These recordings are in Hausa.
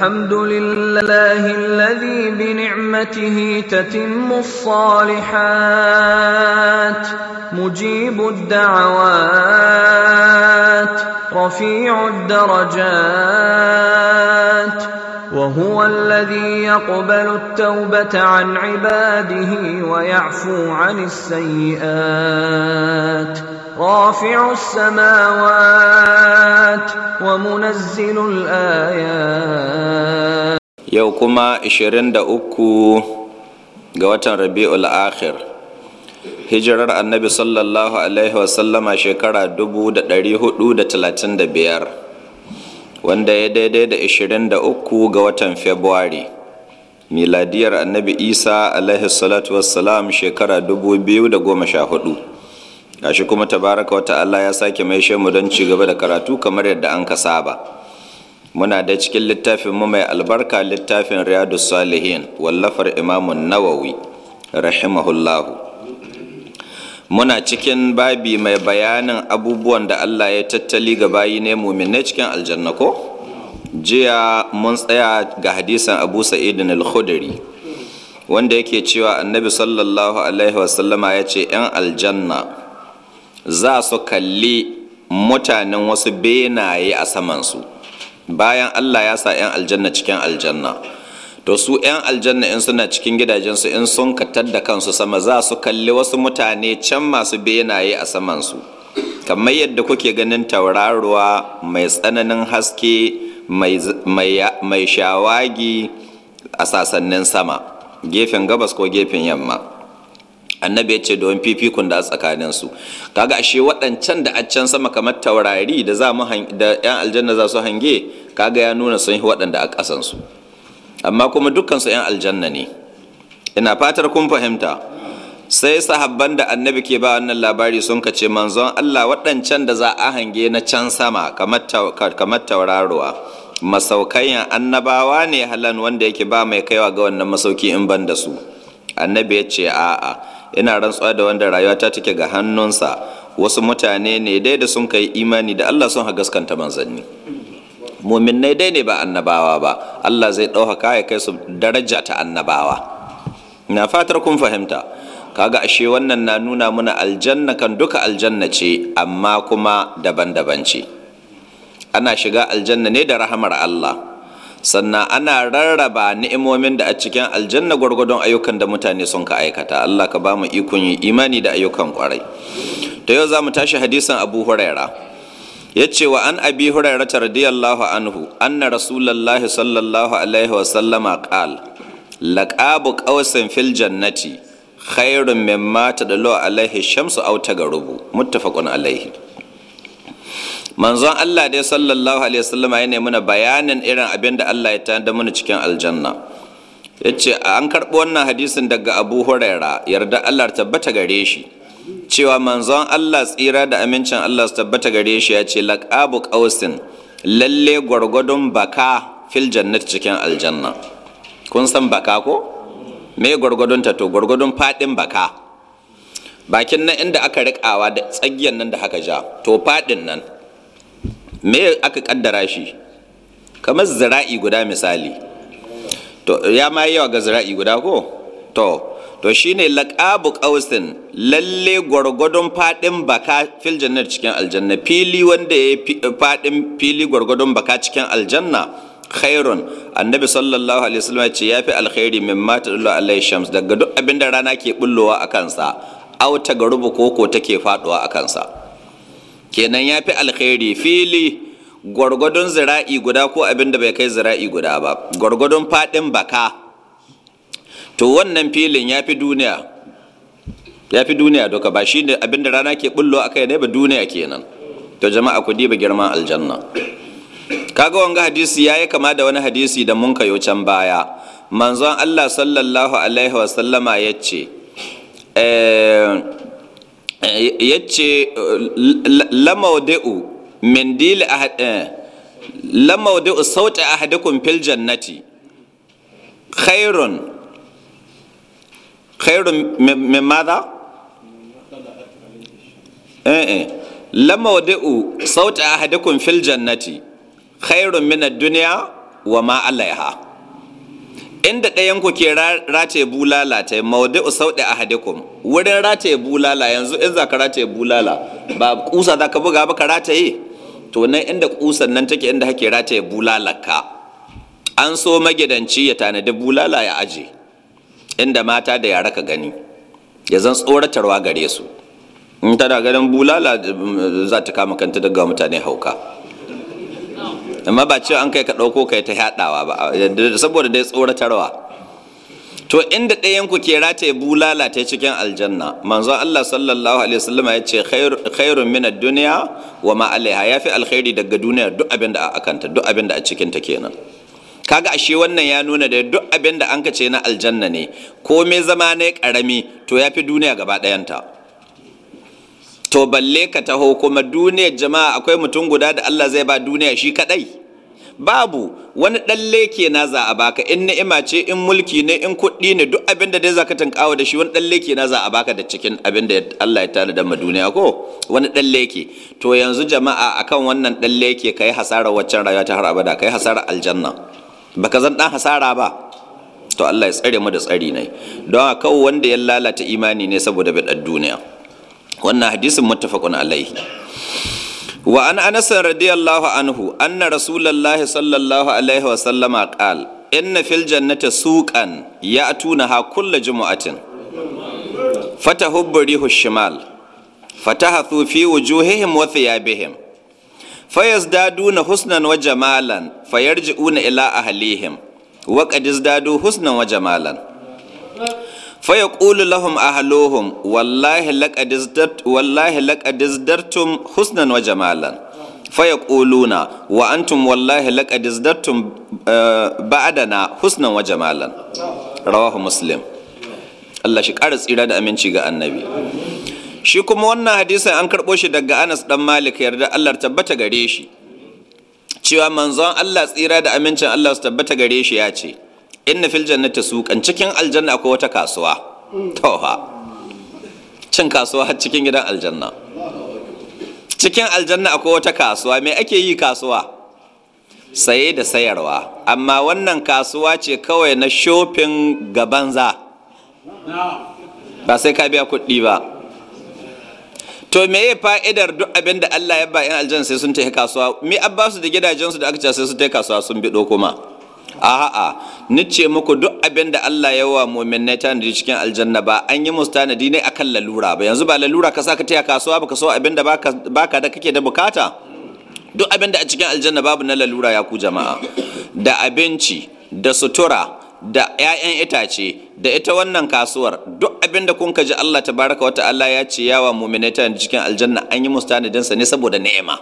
الحمد لله الذي بنعمته تتم الصالحات مجيب الدعوات رفيع الدرجات وهو الذي يقبل التوبه عن عباده ويعفو عن السيئات رافع السماوات ومنزل الآيات yau kuma 23 ga watan Rabi'u akhir hijirar annabi sallallahu da wasallama shekara biyar, wanda ya daidai da 23 ga watan february miladiyar annabi isa shekara dubu biyu da goma sha 2014 gashi kuma tabaraka wata Allah ya sake mai shemu don ci gaba da karatu kamar yadda an ka saba muna da cikin littafin mu mai albarka littafin riyadu salihin wallafar imamun nawawi rahimahullahu muna cikin babi mai bayanin abubuwan da allah ya tattali ga bayi ne mumine cikin aljanna ko jiya mun tsaya ga hadisan abu sa'idin al-khudri wanda yake cewa annabi sallallahu alaihi wasallama ya ce 'yan aljanna za su kalli mutanen wasu benaye a samansu bayan allah ya sa 'yan aljanna cikin aljanna to su 'yan aljanna in suna cikin gidajensu in sun katar da kansu sama za su kalli wasu mutane can masu benaye a samansu kamar yadda kuke ganin tauraruwa mai tsananin haske mai shawagi a sasannin sama gefen gabas ko gefen yamma annabi ya ce domin fifikun da a tsakanin su kaga ashe waɗancan da a can sama kamar taurari da za mu da yan aljanna za su hange kaga ya nuna sun yi waɗanda a ƙasan su amma kuma dukkan su yan aljanna ne ina fatar kun fahimta sai sahabban da annabi ke ba wannan labari sun kace manzon Allah waɗancan da za a hange na can sama kamar tauraruwa masaukayan annabawa ne halan wanda yake ba mai kaiwa ga wannan masauki in ban da su annabi ya ce a'a ina rantsuwa da wanda rayuwa ta take ga hannunsa wasu mutane ne dai da sun kai imani da Allah sun hagaskanta gaskanta manzanni muminai dai ne ba annabawa ba Allah zai ɗaukaka ya kai su daraja ta annabawa na fatar kun fahimta kaga ashe wannan na nuna muna aljanna kan duka aljanna ce amma kuma daban-daban ce ana shiga aljanna ne da rahamar Allah sannan ana rarraba ni'imomin da a cikin aljanna gwargwadon ayyukan da mutane sun ka aikata Allah ka ba mu ikon yi imani da ayyukan kwarai ta yau za mu tashi hadisan abu huraira ya ce wa an abi huraira radiyallahu anhu anna rasulullahi sallallahu alaihi wa sallama qal laqabu qawsin fil jannati khairun mimma tadallu alaihi shamsu aw tagarubu muttafaqun alaihi manzon Allah dai sallallahu alaihi wasallama yana na bayanin irin abin da Allah ya tanda mana cikin aljanna yace an karbo wannan hadisin daga Abu Huraira yarda Allah tabbata gare shi cewa manzon Allah tsira da amincin Allah ta tabbata gare shi ya ce laqabu qausin lalle gwargwadon baka fil jannati cikin aljanna kun san baka ko me gwargwadon ta to gwargwadon fadin baka bakin nan inda aka riƙawa da tsagiyan nan da haka ja to fadin nan me aka kaddara shi kamar zira'i guda misali to ya ma yawa ga zira'i guda ko to to shine laqabu qausin lalle gwargwadon fadin baka fil jannat cikin aljanna fili wanda ya fadin fili gwargwadon baka cikin aljanna khairun annabi sallallahu alaihi wasallam ya ce yafi alkhairi mimma tadullu alaihi shams daga duk abinda rana ke bullowa a kansa auta garubu koko take faduwa a kansa kenan ya fi alkhairi fili gwargwadon zira'i guda ko abin da bai kai zira'i guda ba gwargwadon faɗin baka to wannan filin ya fi duniya ya fi duniya doka ba shi ne abin da rana ke bullo a kai ne ba duniya kenan to jama'a ku diba girman aljanna kaga wanga hadisi ya yi kama da wani hadisi da mun kayo can baya manzon Allah sallallahu alaihi wasallama yace eh yace lamawda'u min dil lamawda'u sauta ahadakum fil jannati khairun khairun min madha eh lamawda'u sauta ahadakum fil jannati khairun min ad-dunya wa ma 'alayha inda ɗayan ku ke rataye bulala ta maudu usauɗi a hadikum wurin rataye bulala yanzu in za ka rataye bulala ba kusa za ka buga ba ka rataye to nan inda kusan nan take inda hake rataye bulala ka an so magidanci ya tanadi bulala ya aje inda mata da yara ka gani ya zan tsoratarwa gare su in tana ganin bulala za ta kama kanta daga mutane hauka amma ba cewa an kai ka ɗauko kai ta haɗawa ba saboda dai tsoratarwa to inda ɗayan ku ke rataye bulala ta cikin aljanna manzo Allah sallallahu alaihi wasallam ya ce khairun min ad-dunya wa ma alaiha yafi alkhairi daga duniya duk abin da a akanta duk abin da a cikin ta kenan kaga ashe wannan ya nuna da duk abin da an ka ce na aljanna ne ko me zama ne karami to yafi duniya gaba ɗayanta ta to balle ka taho kuma duniyar jama'a akwai mutum guda da Allah zai ba duniya shi kadai babu wani ɗan leke na za a baka in ni'ima ce in mulki ne in kuɗi ne duk abinda da dai zaka tunkawa da shi wani ɗan leke na za a baka da cikin abin da Allah ya tada da duniya ko wani ɗan leke to yanzu jama'a akan wannan ɗan leke kai hasara waccan rayuwa ta har abada kai hasara aljanna baka zan ɗan hasara ba to Allah ya tsare mu da tsari ne don haka wanda ya lalata imani ne saboda bid'ar duniya wannan hadisin muttafaqun alaihi wa an anas radiyallahu anhu anna rasulullahi sallallahu alaihi wa sallama qal inna fil jannati suqan ya'tunaha kull jumu'atin fatahubbu rihu shimal fatahathu fi wujuhihim wa thiyabihim fayazdaduna husnan wa jamalan fayarji'una ila ahlihim wa qad izdadu husnan wa jamalan faya ƙulu lahum ahaluhum wallahi laƙadis dartun husnan wa jamalan faya ƙuluna wa antum wallahi laƙadizdartum eh, ba'adana husnan wa jamalan rawahu muslim Allah shi ƙara tsira da aminci ga annabi shi kuma wannan hadisin an karɓo shi daga anas ɗan malik yarda Allah tabbata gare shi cewa manzon Allah tsira da amincin Allah su tabbata gare shi ya ce inna fil jannati suqan cikin aljanna akwai wata kasuwa tawha cin kasuwa har cikin gidan aljanna cikin aljanna akwai wata kasuwa me ake yi kasuwa saye da sayarwa amma wannan kasuwa ce kawai na shopping ga banza ba sai ka biya kuɗi ba to me ya fa'idar duk abin da Allah ya ba in aljanna sai sun tafi kasuwa me abbasu da gidajensu da aka ce sai sun tafi kasuwa sun biɗo kuma a'a ni ce muku duk abin da Allah ya wa mu'minai tanadi cikin aljanna ba an yi musu tanadi ne akan lalura ba yanzu ba lalura ka saka taya kasuwa baka so abin da baka da kake da bukata duk abin da a cikin aljanna babu na lalura ya ku jama'a da abinci da sutura da 'ya'yan itace da ita wannan kasuwar duk abin da kun ji Allah tabaraka wata Allah ya ce yawa mu'minai tanadi cikin aljanna an yi musu tanadin sa ne saboda ni'ima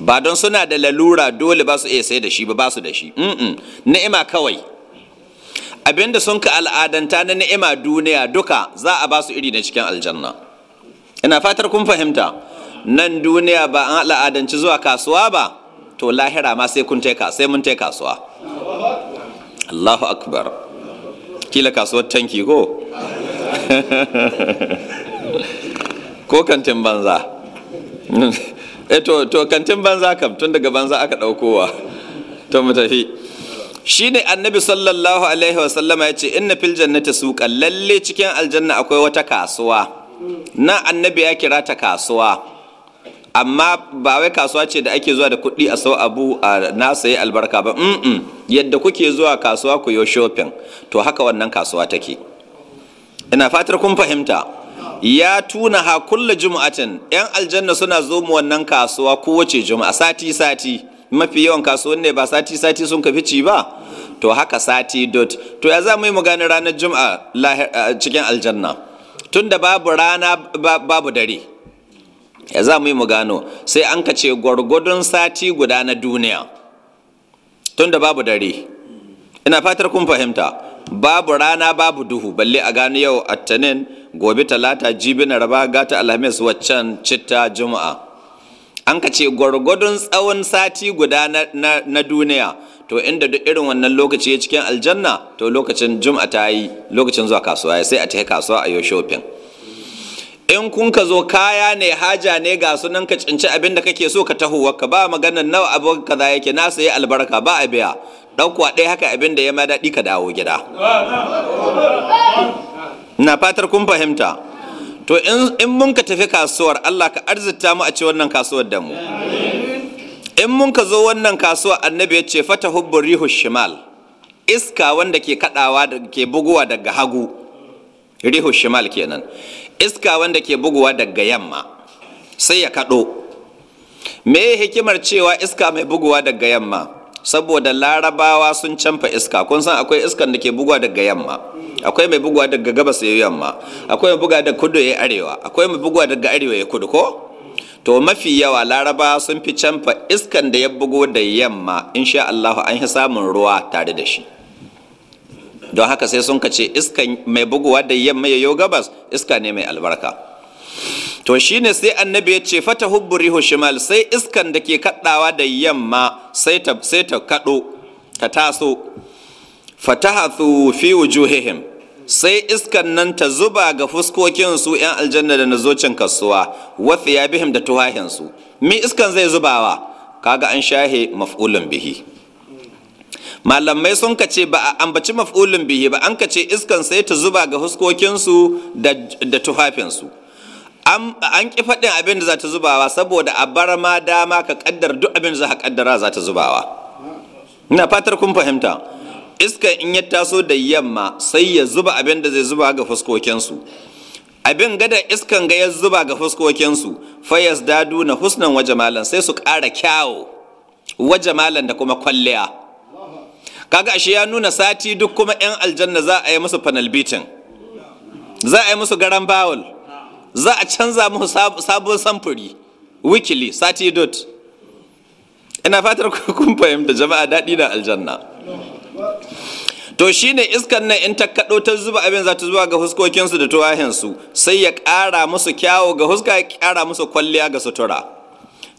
ba don suna da lalura dole ba su iya sai da shi ba su da shi ni'ima kawai abinda sun ka al'adanta na ni'ima duniya duka za a ba su iri na cikin aljanna ina fatar kun fahimta nan duniya ba an al'adanci zuwa kasuwa ba to lahira ma sai kun taika sai mun taika kasuwa Allahu akbar kila kasuwar tanki ko ko kantin banza eh to to kantin banza kam tun daga banza aka daukowa to mu tafi shine annabi sallallahu alaihi wa sallama ya ce inna fil jannati suqan lalle cikin aljanna akwai wata kasuwa na annabi ya kira ta kasuwa amma ba wai kasuwa ce da ake zuwa da kuɗi a sau abu a na sayi albarka ba mm yadda kuke zuwa kasuwa ku yo shopping to haka wannan kasuwa take ina fatar kun fahimta ya tuna ha kulla jum'atin yan aljanna suna zo mu wannan kasuwa kowace juma'a sati sati mafi yawan kasuwan ne ba sati sati sun kafi ci ba to haka sati dot to ya za mu yi mu gani ranar juma'a cikin aljanna tunda babu rana babu dare ya za mu yi mu gano sai an ka ce gwargwadon sati guda na duniya tunda babu dare ina fatar kun fahimta babu rana babu duhu balle a gano yau a attanin gobe talata jibi na raba gata alhamis waccan citta juma'a an ka ce gwargwadon tsawon sati guda na, duniya to inda duk irin wannan lokaci ya cikin aljanna to lokacin juma'a ta yi lokacin zuwa kasuwa ya sai a tafi kasuwa a yau shopping in kun ka zo kaya ne haja ne ga sunan ka cinci abin da kake so ka taho ka ba maganar nawa abu kaza yake na sayi albarka ba a biya ɗaukuwa ɗaya haka abin da ya ma daɗi ka dawo gida na fatar kun fahimta to in mun ka tafi kasuwar allah ka arzita mu a ci wannan kasuwar da mu in mun ka zo wannan kasuwa annabi ya ce fata hubbun rihu shimal iska wanda ke kadawa da ke buguwa daga hagu rihu shimal kenan iska wanda ke buguwa daga yamma sai ya kaɗo. me hikimar cewa iska mai buguwa daga yamma saboda larabawa sun canfa iska kun san akwai iskan da ke buguwa daga yamma akwai mai buguwa daga gabas ya yamma akwai mai buguwa daga kudu ya arewa akwai mai buguwa daga arewa ya kudu ko to mafi yawa larabawa sun fi canfa iskan da ya bugo da yamma insha Allahu an yi samun ruwa tare da shi don haka sai sun kace iskan mai buguwa da yamma ya yo gabas iska ne mai albarka to shi ne sai annabi ya ce fata hubburi shimal sai iskan da ke kaɗawa da yamma sai ta ta kaɗo Fata taso fatahathu fi wujuhihim sai iskan nan ta zuba ga fuskokin yan aljanna da nazocin kasuwa ya bihim da tuhahinsu mi iskan zai zubawa kaga an shahe maf'ulun bihi malamai sun ka ce ba a ambaci maf'ulun bihi ba an ka ce iskan sai ta zuba ga fuskokinsu da tuhafinsu. an ƙi faɗin abin da za ta zubawa saboda a bar ma dama ka ƙaddar duk abin da za ka ƙaddara za ta zubawa ina fatar kun fahimta iska in ya taso da yamma sai ya zuba abin da zai zuba ga fuskokinsu abin gada iskan ga ya zuba ga fuskokinsu fayas dadu na husnan waje malan sai su ƙara kyawo waje malam da kuma kwalliya kaga ashe ya nuna sati duk kuma 'yan aljanna za a yi musu panel beating za a yi musu garan bawul za a canza mu sabon samfuri wikili sati dot ina fatar kun fahimta jama'a daɗi na aljanna to shine iskan nan in ta kaɗo ta zuba abin za ta zuba ga huskokinsu da tuwahinsu sai ya ƙara musu kyawo ga huska ya ƙara musu kwalliya ga sutura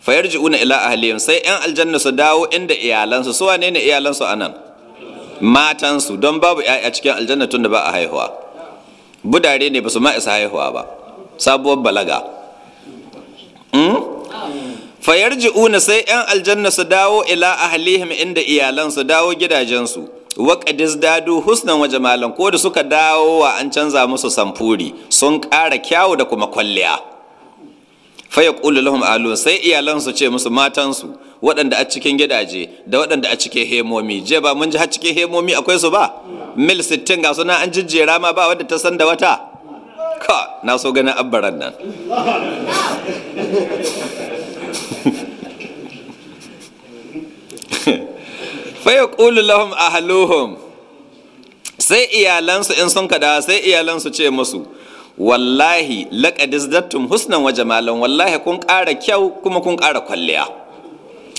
fayar una ila ahaliyim sai 'yan aljanna su dawo inda iyalansu su wane ne iyalansu a nan matansu don babu 'ya'ya cikin aljanna tun da ba a haihuwa budare ne ba su ma isa haihuwa ba sabuwar balaga hmm? fayarji'una sai 'yan aljanna su dawo ila ahlihim inda iyalansu dawo gidajensu waƙadis dadu husnan wa jamalan ko da suka dawo wa an canza musu samfuri sun ƙara kyawu da kuma kwalliya faya ƙulu lahum alu sai iyalansu ce musu matansu waɗanda a cikin gidaje da waɗanda a cikin hemomi je ba mun ji har cikin hemomi akwai su ba mil sittin ga suna an jijjera ma ba wadda ta san da wata ka na so ganin abbaran nan faya ƙulu lahum ahaluhum sai iyalansu in sun kada sai iyalansu ce musu wallahi laƙadis dattum husnan wa jamalan wallahi kun ƙara kyau kuma kun ƙara kwalliya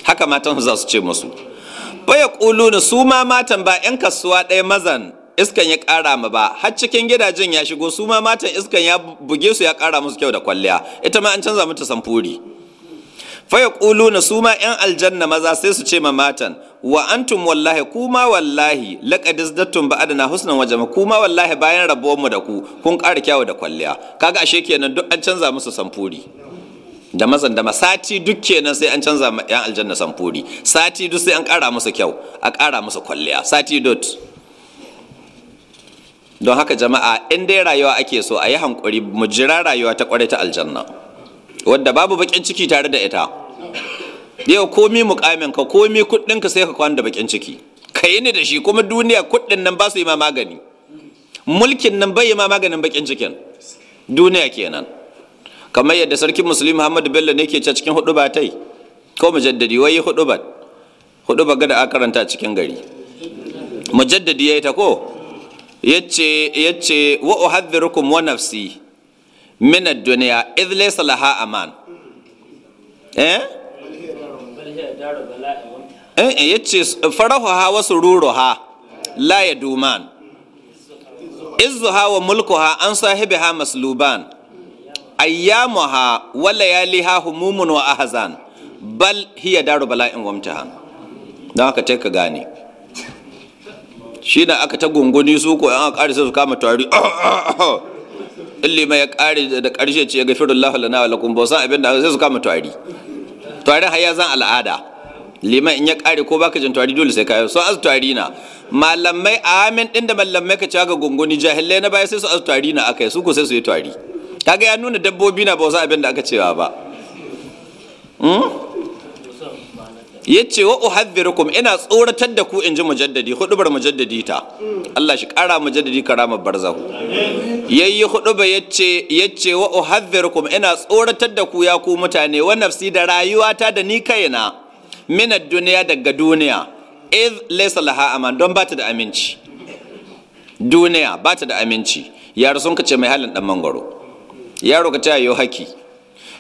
haka matan za su ce musu faya ƙulu su ma matan ba 'yan kasuwa ɗaya mazan iskan ya kara ma ba har cikin gidajen ya shigo su ma matan iskan ya buge su ya kara musu kyau da kwalliya ita ma an canza mata samfuri faya na su ma 'yan aljanna maza sai su ce ma matan wa antum wallahi kuma wallahi laqad dattun ba adana husnan waje ma kuma wallahi bayan mu da ku kun kara kyau da kwalliya kaga ashe kenan duk an canza musu samfuri da mazan da sati duk kenan sai an canza ma 'yan aljanna samfuri sati duk sai an kara musu kyau a kara musu kwalliya sati dot don haka jama'a in dai rayuwa ake so a yi hankuri mu jira rayuwa ta kwarai ta aljanna wadda babu bakin ciki tare da ita yau komi mukamin ka komi kuɗin ka sai ka kwana da bakin ciki ka yi ni da shi kuma duniya kuɗin nan ba su yi ma magani mulkin nan bai yi ma maganin bakin cikin duniya kenan kamar yadda sarkin musulmi muhammadu bello ne ke ce cikin hudu batai ko mujaddadi wai hudu ba hudu ba gada a karanta cikin gari mujaddadi ya yi ta ko yace yace wa uhadhirukum wa nafsi min ad-dunya idh laysa laha aman eh eh, eh yace wasu ruru ha la yaduman izzuha wa mulkuha an sahibiha masluban ayyamuha wa layaliha humumun wa ahzan bal hiya daru bala'in wamtaha dan haka ka gane shi na aka ta gunguni su ko an ƙari sai su kama tari illi ya ƙari da ƙarshe ce ya gafiru Allah lana wa lakum ba san abin da sai su kama tari tari har ya zan al'ada liman in ya ƙare ko baka jin tari dole sai ka so azu tari na malamai amin din da malamai ka ga gunguni jahilai na baya sai su azu tari na akai su ko sai su yi tari kaga ya nuna dabbobi na ba wasu abin da aka cewa ba hmm? Ya ce wa uhadhirukum ina tsoratar da ku in ji mujaddadi hudubar mujaddadi ta Allah shi kara mujaddadi karama barzahu yayi huduba yace yace wa uhadhirukum ina tsoratar da ku ya ku mutane wa nafsi da rayuwata da ni kaina min ad-dunya daga duniya iz laysa laha aman don bata da aminci duniya bata da aminci yaro sun ka ce mai halin dan mangoro yaro ka ta yo haki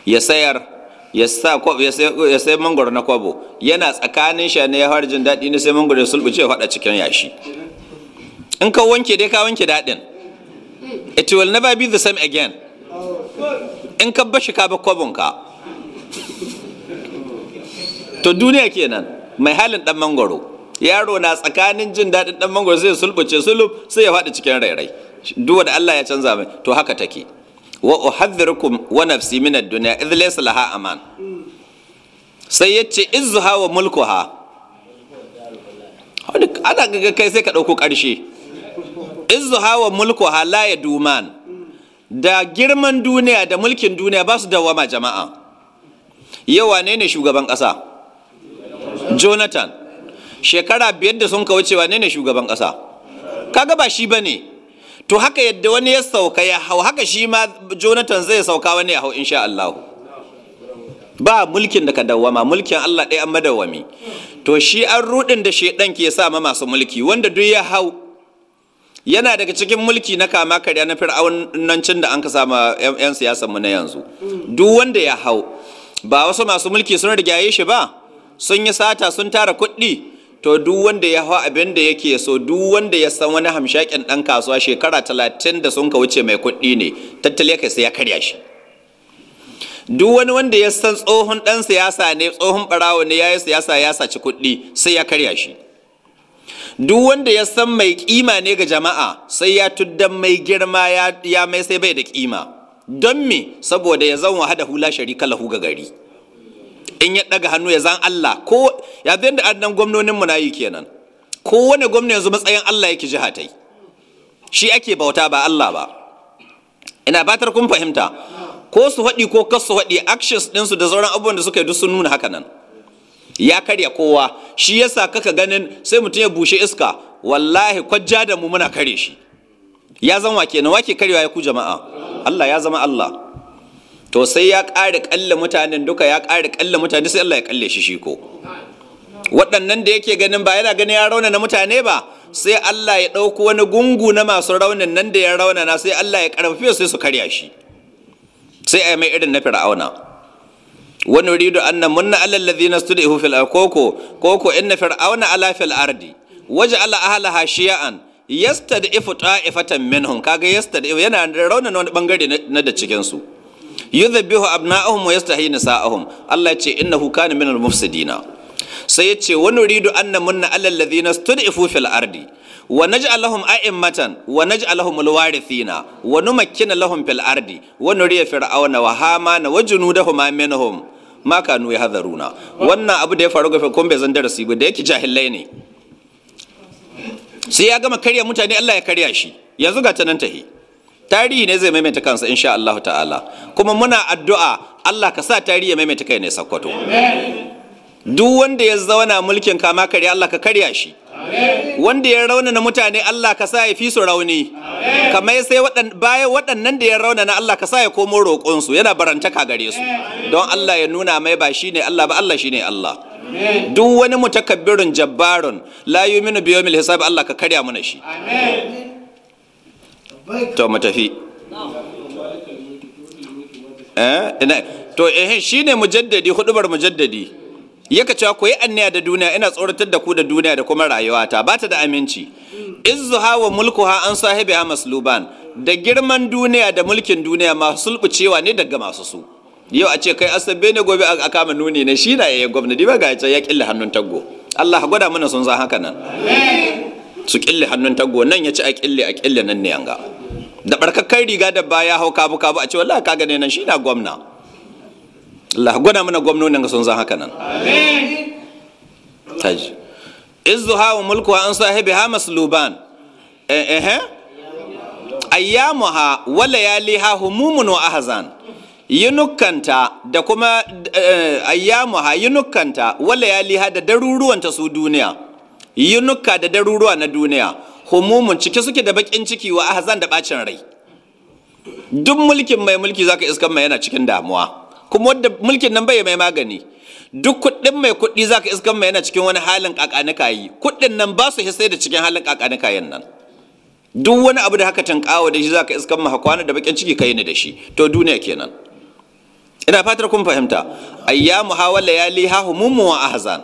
ya sayar ya sa ya sai mangoro na kwabo yana tsakanin sha ne ya fara jin daɗi ne sai mangoro ya sulbuce faɗa cikin yashi in ka wanke dai ka wanke daɗin it will never be the same again in ka bashi ka kaba kwabon ka to duniya kenan mai halin ɗan mangoro yaro na tsakanin jin daɗin ɗan mangoro sai ya sulbuce sulub sai ya faɗi cikin rairai duk da Allah ya canza mai to haka take wa uhadhirukum wa nafsi min ad-dunya idh laysa laha aman sai yace izha wa mulkuha ana ga kai sai ka dauko karshe izha wa mulkuha la yaduman da girman duniya da mulkin duniya ba su dawama jama'a yau ne ne shugaban kasa jonathan shekara biyar da sun kawo cewa ne ne shugaban kasa kaga ba shi bane to haka yadda wani ya sauka ya hau haka shi ma jonathan zai sauka wani ya hau insha Allah ba mulkin da ka dawwama mulkin Allah ɗaya an madawwami to shi an rudin da shaidan ke sa ma masu mulki wanda duk ya hau yana daga cikin mulki na kama karya na fir'aunancin da an ka sa sama 'yan siyasanmu na yanzu duk wanda ya hau ba wasu masu mulki sun rigaye shi ba sun yi sata sun tara kuɗi to duk wanda ya hau abin da yake so duk wanda ya san wani hamshakin ɗan kasuwa shekara talatin da sun ka wuce mai kuɗi ne tattale ka sai ya karya shi duk wani wanda ya san tsohon ɗan siyasa ne tsohon barawo ne yayi yi siyasa ya saci kuɗi sai ya karya shi duk wanda ya san mai kima ne ga jama'a sai ya tuddan mai girma ya mai sai bai da kima don me saboda ya zan wahada hula shari kala huga gari in ya daga hannu ya zan Allah ko ya zai da annan gwamnonin mu yi kenan ko wani gwamna yanzu matsayin Allah yake jiha hatai, shi ake bauta ba Allah ba ina batar kun fahimta ko su haɗi ko kas su haɗi actions ɗinsu da sauran abubuwan da suka yi duk sun nuna haka nan ya karya kowa shi yasa kaka ganin sai mutum ya bushe iska wallahi kwajja da mu muna kare shi ya zama kenan wake karewa ya ku jama'a Allah ya zama Allah to sai ya ƙara ƙalla mutanen duka ya ƙara ƙalla mutane sai Allah ya ƙalle shi shi ko waɗannan da yake ganin ba yana ganin ya rauna na mutane ba sai Allah ya ɗauko wani gungu na masu raunin nan da ya rauna na. sai Allah ya ƙarfafe sai su karya shi sai a yi mai irin na fir'auna wani rido annan munna alal ladina studihu fil koko koko inna fir'auna ala fil ardi waja'ala ahlaha shiya'an yastad'ifu ta'ifatan minhum kaga yastad'ifu yana raunana wani bangare na da cikin su mu abna'ahum wa yastahi nisa'ahum Allah ce innahu kana minal mufsidina sai ya ce wani ridu an munna alal ladhina stud'ifu fil ardi wa naj'alahum a'immatan wa naj'alahum alwarithina wa numakkina lahum fil ardi wa nuriya fir'auna wa hamana wa junudahum minhum ma kanu na. wannan abu da ya faru ga kun bai zan darasi ba da yake jahilai ne sai ya gama karya mutane Allah ya karya shi yanzu ga tanan tahi tarihi ne zai maimaita kansa insha Allah ta'ala kuma muna addu'a Allah ka sa tarihi ya maimaita kai ne sakkwato duk wanda ya zauna mulkin kama kare Allah ka karya shi wanda ya rauna na mutane Allah ka sa ya fi su rauni kamar sai bayan waɗannan da ya rauna na Allah ka sa ya komo roƙonsu yana barantaka gare su don Allah ya nuna mai ba shi ne Allah ba Allah shi ne Allah duk wani mutakabbirin jabbarun la yuminu biyomil hisab Allah ka karya mana shi to mu tafi eh, to eh shine mujaddadi hudubar mujaddadi yaka cewa ku yi anniya da duniya ina tsoratar da ku da duniya da kuma rayuwata ba ta da aminci izzuha wa mulkuha an sahibi ha masluban da girman duniya da mulkin duniya masu sulbucewa ne daga masu su yau a ce kai asabe ne gobe a kama nuni ne shi na yayin gwamnati ba ga ya killa hannun taggo Allah gwada mana sun san haka nan su kille hannun tago nan ya ci a kille a kille nan ne yanga da barkakkai riga da baya hau kabu kabu a ce wallahi ka gane nan shi na gwamna Allah gwada mana gwamnonin ga sun zan haka nan taji izzuha wa mulku an sahibi ha masluban eh eh, eh? ayyamuha wa layaliha humumun wa ahzan yinukanta da kuma eh, eh, ayyamuha yinukanta wa layaliha da ta su duniya yunuka da daruruwa na duniya humumun ciki suke da bakin ciki wa ahzan da bacin rai duk mulkin mai mulki zaka iskan mai yana cikin damuwa kuma wanda mulkin nan bai mai magani duk kuɗin mai kuɗi zaka iskan mai yana cikin wani halin kakanika yi kuɗin nan ba su hisai da cikin halin kakanika yin nan duk wani abu da haka tankawa da shi zaka iskan mai kwana da bakin ciki kai ne da shi to duniya kenan ina fatar kun fahimta ayyamu hawala yali ha humumun wa ahzan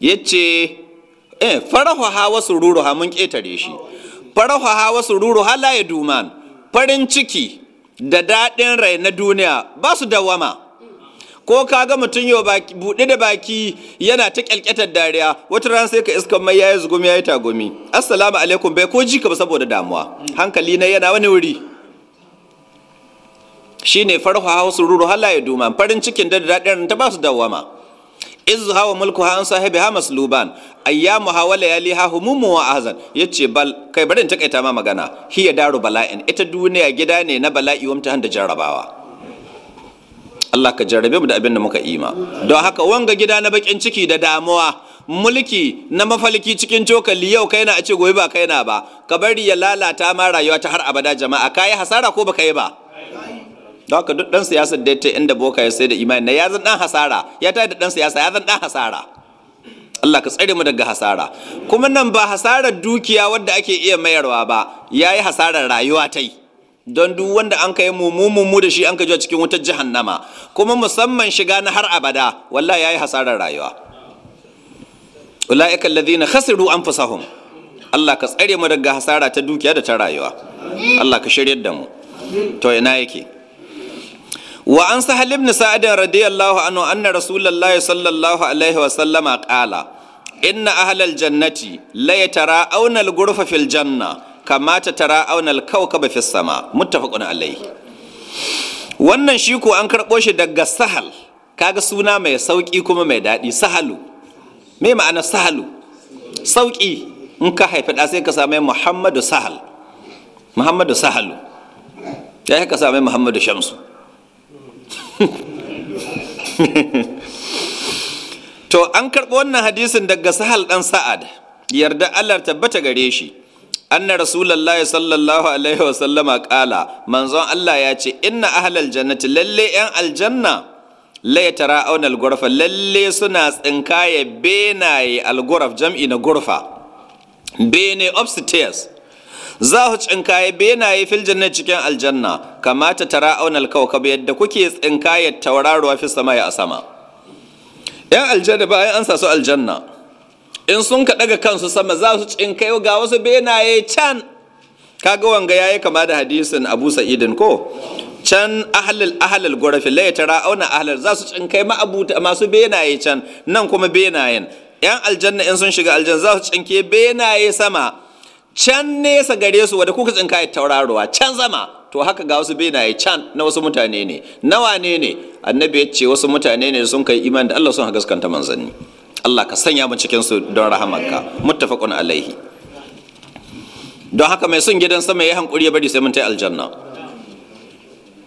yace eh farahuha ruru ha mun ƙetare shi farahuha wa ha la duman farin ciki da daɗin rai na duniya ba su dawama ko ka ga mutum yau buɗe da baki yana ta kyalkyatar dariya wata ran sai ka iskan mai yayi zugumi yayi tagumi assalamu alaikum bai ko ji ka ba saboda damuwa hankali na yana wani wuri shine farha hausu ruru hala duman farin cikin da daɗin ta ba su dawama hawa mulku ha an sahibiha masluban ayyamu ha liha layaliha humumun wa ahzan yace bal kai bari in takaita ma magana hiya daru bala'in ita duniya gida ne na bala'i wamta handa jarrabawa Allah ka jarrabe mu da abin da muka ima don haka wanga gida na bakin ciki da damuwa mulki na mafalki cikin cokali yau kai na a ce gobe ba kai na ba ka bari ya lalata ma rayuwa ta har abada jama'a kayi hasara ko ba kai ba don haka duk dan siyasar da ta inda boka ya sai da imani na ya zan dan hasara ya ta da dan siyasa ya zan dan hasara Allah ka tsare mu daga hasara kuma nan ba hasarar dukiya wadda ake iya mayarwa ba yayi hasarar rayuwa ta yi don duk wanda an kai mu da shi an kai cikin wutar jahannama kuma musamman shiga na har abada wallahi yayi hasarar rayuwa ulaiikal ladina khasiru anfusahum Allah ka tsare mu daga hasara ta dukiya da ta rayuwa Allah ka shiryar da mu to ina yake wa an sahal ibn sa'ad radiyallahu anhu anna rasulullahi sallallahu alaihi wa sallama qala inna ahlal jannati la yatara'awna al-ghurfa fil janna kama tatara'awna al-kawkaba fis sama muttafaqun alaihi wannan shi ko an karɓo shi daga sahal kaga suna mai sauƙi kuma mai daɗi sahalu me ma'ana sahalu sauƙi in ka haifi da, sai ka same muhammadu sahal muhammadu sahalu ya ka same muhammadu shamsu to an karɓi wannan hadisin daga sahal ɗan sa'ad yarda allah tabbata gare shi anna rasulullahi sallallahu alaihi wa sallama manzon allah ya ce inna ahlal jannati lalle yan aljanna lai tara gurfa, ghurfa lalle suna tsinkaye benaye al jam'i na gurfa bene upstairs za ku tsinkaye benaye fil cikin aljanna kamata tara aunal kawkab yadda kuke tsinkaye tauraruwa fi sama a sama yan aljanna bayan an sasu aljanna in sun ka daga kansu sama za su tsinkaye ga wasu benaye can kaga wanga ya yi kama da hadisin Abu Sa'idin ko can ahalil ahalil gwarafi la tara auna ahalil za su tsinkaye ma'abuta masu benaye can nan kuma benayen yan aljanna in sun shiga aljanna za su tsinke benaye sama can nesa gare su wadda kuka tsinka tauraruwa can zama to haka ga wasu benaye can na wasu mutane ne nawa ne ne annabi ya ce wasu mutane ne sun kai iman da Allah sun gaskanta manzanni Allah ka sanya mu cikin su don rahamarka muttafaqun alaihi don haka mai son gidan sama ya hankuri ya bari sai mun tai aljanna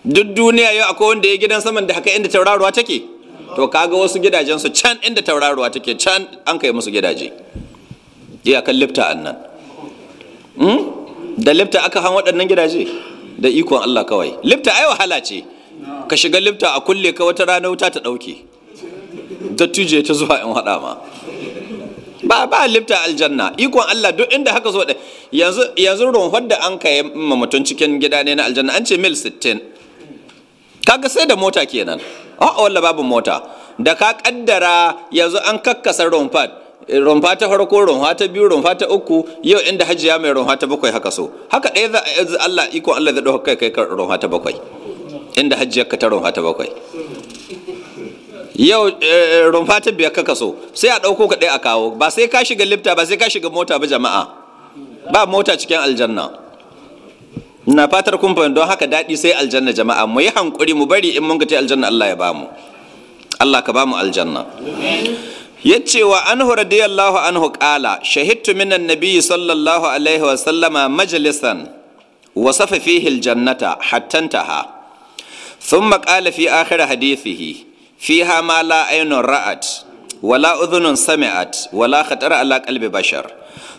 duk duniya yau akwai wanda ya gidan sama da haka inda tauraruwa take to kaga wasu gidajen su can inda tauraruwa take can an kai musu gidaje iyakan lifta annan Hmm? da lifta aka han waɗannan gidaje da ikon Allah kawai lifta ai wahala ce ka shiga lifta a kulle ka wata rana wuta ta ɗauke dattije ta zuwa in haɗa ma ba ba lifta aljanna ikon Allah duk inda haka zo yanzu yanzu runhar da an kai ma mutun cikin gida ne na aljanna an ce mil 60 kaga sai da mota kenan a'a walla babu mota da ka kaddara yanzu an kakkasa rumfar Eh, rumfa ta farko rumfa ta biyu rumfa ta uku yau inda hajiya mai rumfa ta bakwai haka so haka ɗaya za eh, a Allah iko Allah zai ɗauka kai kai rumfa ta bakwai inda hajiya ka ta rumfa ta bakwai yau eh, rumfa ta biyar ka so sai a ɗauko ka ɗaya a kawo ba sai ka shiga lifta ba sai ka shiga mota ba jama'a ba mota cikin aljanna na fatar kun don haka daɗi sai aljanna jama'a mu yi hankuri mu bari in mun ga ta aljanna Allah ya bamu Allah ka bamu aljanna yace wa anhu radiyallahu anhu qala shahidtu min annabi sallallahu alaihi wa sallama majlisan wa safa fihi aljannata hatta taha thumma qala fi akhir hadithihi fiha ma la aynu ra'at wala la udhunun sami'at wa la khatara bashar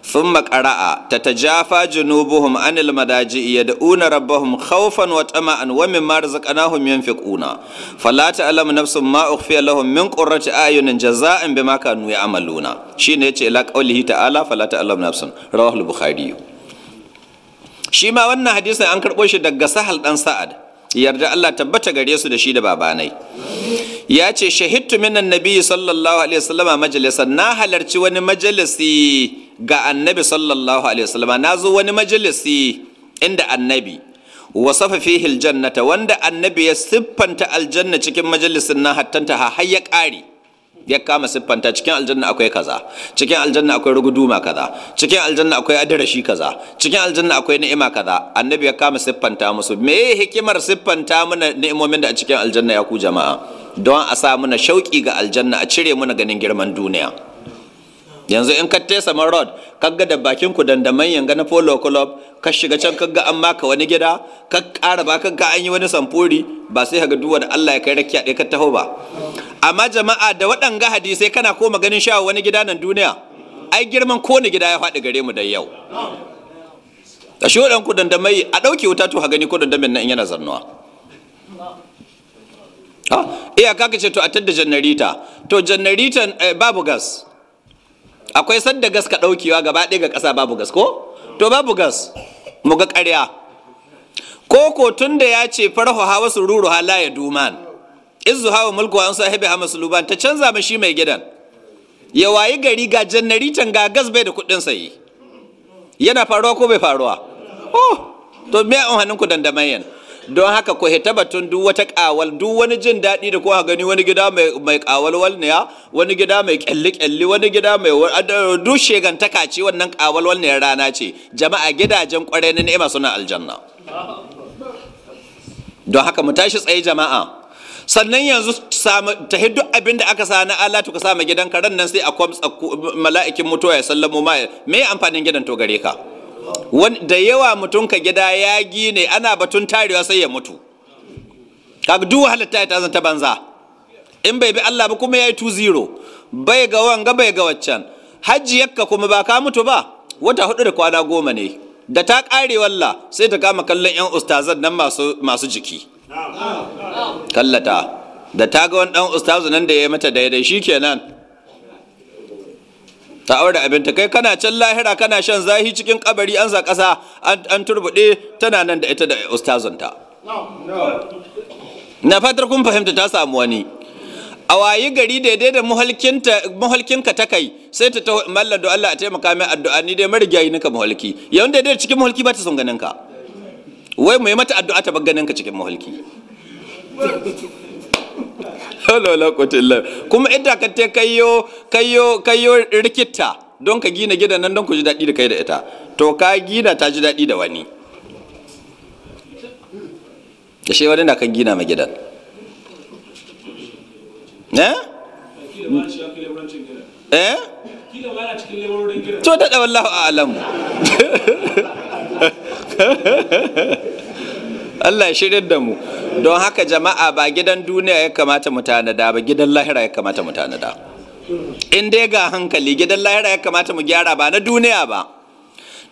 thumma qara'a tatajafa junubuhum anil madaji'i yad'una rabbahum khawfan wa tama'an wa mimma razaqnahum yunfiquna fala ta'lamu nafsun ma ukhfiya lahum min qurrati ayunin jaza'an bima kanu ya'maluna shine yace ila qawlihi ta'ala fala ta'lamu nafsun rawahu al-bukhari shi ma wannan hadisin an karɓo shi daga sahal ɗan sa'ad yarda Allah tabbata gare su da shi da babanai ya ce shahidtu minan nabi sallallahu alaihi wasallama majalisan na halarci wani majalisi ga annabi sallallahu alaihi wasallama na zo wani majalisi inda annabi wasafa fihi aljannata wanda annabi ya siffanta aljanna cikin majalisin nan hattanta ha har ya ƙare ya kama siffanta cikin aljanna akwai kaza cikin aljanna akwai ruguduma kaza cikin aljanna akwai adarashi kaza cikin aljanna akwai ni'ima kaza annabi ya kama siffanta musu me hikimar siffanta mana ni'imomin da a cikin aljanna ya ku jama'a don a sa mana shauki ga aljanna a cire mana ganin girman duniya yanzu in ka tesa rod, road kaga da bakin ku dandaman yanga na polo club ka shiga can kaga an maka wani gida ka ƙara ba kanka an yi wani samfuri ba sai ga duwa da Allah ya kai rakiya ɗaya ka taho ba amma jama'a da waɗanga hadisai kana koma ganin sha wani gida nan duniya ai girman ko ni gida ya faɗi gare mu da yau a shi waɗan ku dandamai a ɗauke wuta to ha gani ko dandamin nan yana zannuwa ah, iya kaka ce to a tadda janarita to janaritan eh, babu gas akwai sadda gas ka ɗaukewa gaba ɗaya ga ƙasa babu gas ko to babu gas mu ga ƙarya ko tun da ya ce farho hawa sururu hala ya duman izu hawa mulku an sahibi ha masluban ta canza mashi mai gidan ya wayi gari ga jannaritan ga gas bai da kuɗin sayi yana faruwa ko bai faruwa oh to me an hannunku dandamayen don haka ku hita batun duk wata kawal duk wani jin daɗi da kuka gani wani gida mai kawal ya wani gida mai kyalli kyalli wani gida mai duk shegantaka ce wannan kawal ya rana ce jama'a gidajen kwarai na ni'ima suna aljanna don haka mu tashi tsaye jama'a sannan yanzu ta hiddu abin da aka sa na Allah tuka ka mai gidan ran nan sai a mala'ikin mutuwa ya sallamo ma me amfanin gidan to gare ka da yawa mutum ka gida ya gine ana batun tarewa sai ya mutu kaga duk halitta ta zan ta banza in bai bi Allah ba kuma yi tu-zero. bai ga wanga bai ga waccan hajji yakka kuma ba ka mutu ba wata hudu da kwana goma ne da ta kare walla sai ta kama kallon yan ustazan nan masu jiki kallata da ta ga wani dan ustazu nan da ya mata daidai shi shikenan ta aure ta kai kana can lahira kana shan zahi cikin kabari an za ƙasa an turbuɗe tana nan da ita da ustazanta na fatar kun fahimta ta samu wani a wayi gari daidai da muhalkinka ta kai sai ta ta mallar Allah a taimaka mai addu'a ni dai marigayi nika muhalki yau daidai cikin muhalki ba ta son ganin ka wai mai mata addu'a ta bar ganin ka cikin muhalki hawla wala quwwata kuma ita ka te kayo kayo kayo rikita don ka gina gidan nan don ku ji daɗi da kai da ita to ka gina ta ji daɗi da wani da shi wani na ka gina ma gidan ne eh? eh to da wallahu a'lamu Allah ya shirin da mu don haka jama'a ba gidan duniya ya kamata mu tanada ba gidan lahira ya kamata mu tanada in dai ga hankali gidan lahira ya kamata mu gyara ba na duniya ba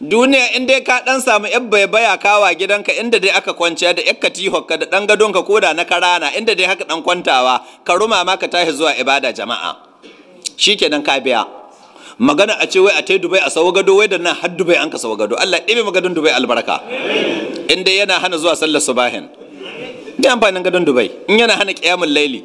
duniya in dai ka dan samu yan baya kawa gidanka inda dai aka kwance da yakka tihokka da dan gadonka da na karana inda dai haka ɗan kwantawa ka ruma ma ka tashi zuwa ibada jama'a shikenan ka biya magana a ce wai a tai dubai a sawo gado wai da nan har dubai an ka sawo gado allah ɗebe magadon dubai albarka in dai yana hana zuwa sallar subahin da amfanin gadon dubai in yana hana kiyamun laili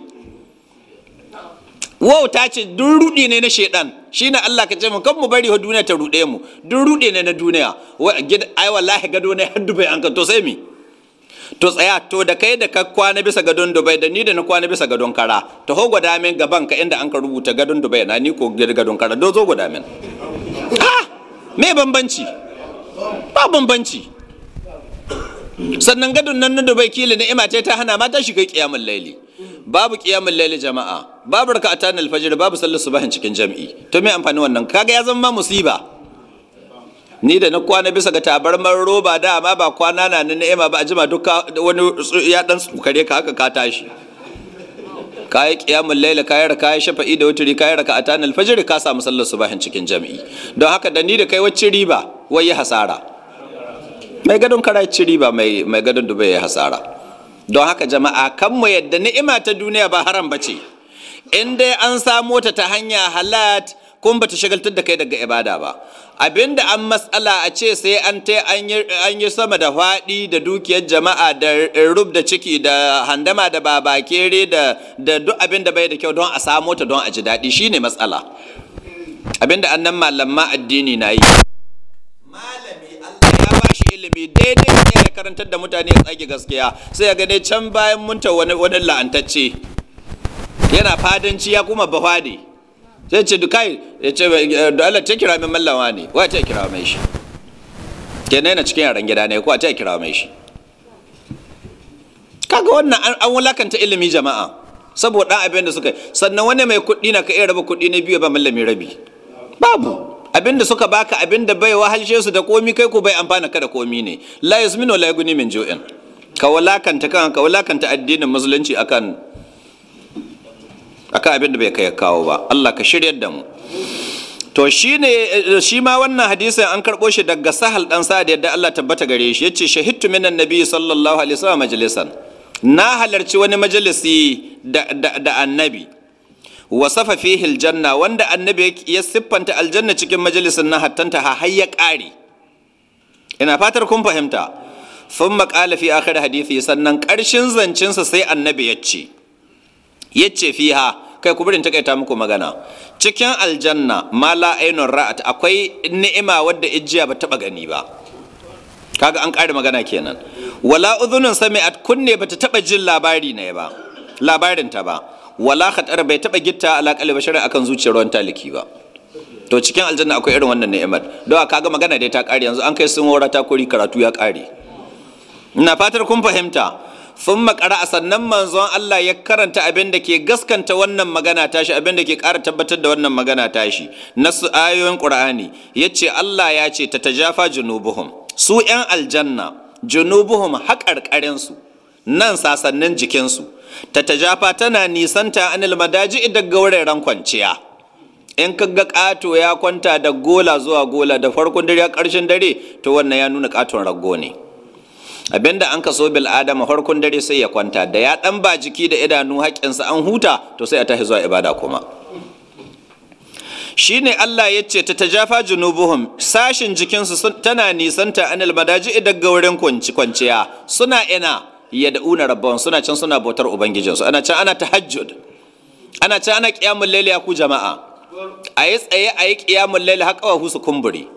wau ta ce duk rudi ne na shedan na Allah ka ce mu kan mu bari ha duniya ta rude mu duk rudi ne na duniya wai ai wallahi gado ne har dubai an ka to sai mi to tsaya to da kai da ka kwana bisa gadon dubai da ni da na kwana bisa gadon kara to ho gwada min gaban ka inda an ka rubuta gadon dubai na ni ko gadon kara do zo gwada min ha me bambanci ba bambanci sannan gadon nan na dubai kila ne ima ta hana mata shiga kiyamul laili babu kiyamul laili jama'a babu raka'atan alfajr babu sallar subahin cikin jami'i to me amfani wannan kaga ya zama musiba ni da na kwana bisa ga tabarmar roba da amma ba kwana na na ni'ima ba a jima duka wani ya dan tsukare ka haka ka tashi kayi qiyamul ka kayi raka kayi shafa'i da wuturi kayi raka atan alfajr ka samu sallar subahin cikin jami'i don haka da ni da kai wacce riba wai ya hasara mai gadon kara ci riba mai mai gadon dubai ya hasara don haka jama'a kan mu yadda ni'ima ta duniya ba haram bace in dai an samo ta ta hanya halat kuma bata shagaltar da kai daga ibada ba abinda an matsala a ce sai an ta an yi sama da faɗi da dukiyar jama'a da rub da ciki da handama da babakere da da duk abin da bai da kyau don a samo ta don a ji daɗi shine matsala abinda annan malama addini na yi ya bashi ilimi daidai ne ya karantar da mutane ya tsage gaskiya sai ya gane can bayan munta wani wani la'antacce yana fadanci ya kuma buhari. sai ce dukai ya ce eh, da Allah ta kira min mallawa ne wa ta kira mai shi kenan yana cikin yaran gida ne ko ta kira mai shi kaga wannan an wulakanta ilimi jama'a saboda abin da suka yi sannan wani mai kuɗi na ka iya raba kuɗi na biyu ba mallami rabi babu abin da suka baka abin da bai wahalshe su da komi kai ko bai amfana ka da komi ne la yasmino la yaguni min ju'in ka walakanta kan ka walakanta addinin musulunci akan akan abin da bai kai kawo ba Allah ka shiryar da mu to shine shi ma wannan hadisin an karɓo shi daga sahal dan sa'ad yadda Allah tabbata gare shi yace shahidtu minan nabi sallallahu alaihi wasallam majlisan na halarci wani majalisi da, da, da annabi wasafa fihi aljanna wanda annabi ya siffanta aljanna cikin majalisin na hattanta ha har ya kare ina fatar kun fahimta sun maƙala fi akhir hadisi sannan zancen zancensa sai annabi ya ce fiha kai ku birin ta muku magana cikin aljanna ma ra'at akwai ni'ima wadda ijiya ba taba gani ba kaga an ƙara magana kenan wala udhunun sami'at kunne ta taba jin labari ne ba labarin ta ba wala khatar bai taba gitta ala bashara akan zuciyar wani taliki ba to cikin aljanna akwai irin wannan ni'imar don kaga magana dai ta ƙare yanzu an kai sun wara ta kuri karatu ya ƙare ina fatar kun fahimta sun makara a sannan manzon Allah ya karanta abin da ke gaskanta wannan magana tashi abin da ke kara tabbatar da wannan magana tashi na su ayoyin ƙur'ani ya ce Allah ya ce ta tajafa junubuhum su 'yan aljanna junubuhum haƙarƙarinsu nan sasannin jikinsu ta tajafa tana nisanta anil madaji daga wuraren kwanciya in ka ga ƙato ya kwanta da gola zuwa gola da farkon dare a ƙarshen dare to wannan ya nuna ƙaton raggo ne abinda an kaso bil bil'adama, harkun dare sai ya kwanta da ya dan ba jiki da idanu haƙƙinsa an huta to sai a tahi zuwa ibada kuma shine Allah ya ce ta tajafa junubuhum sashin jikinsu tana nisanta anil madaji daga wurin kwanciya suna ina ya una rabban suna can suna bautar ubangijinsu ana can ana tahajjud ana can ana qiyamul layli ku jama'a a yi tsaye a yi qiyamul layli har kawahu su kumburi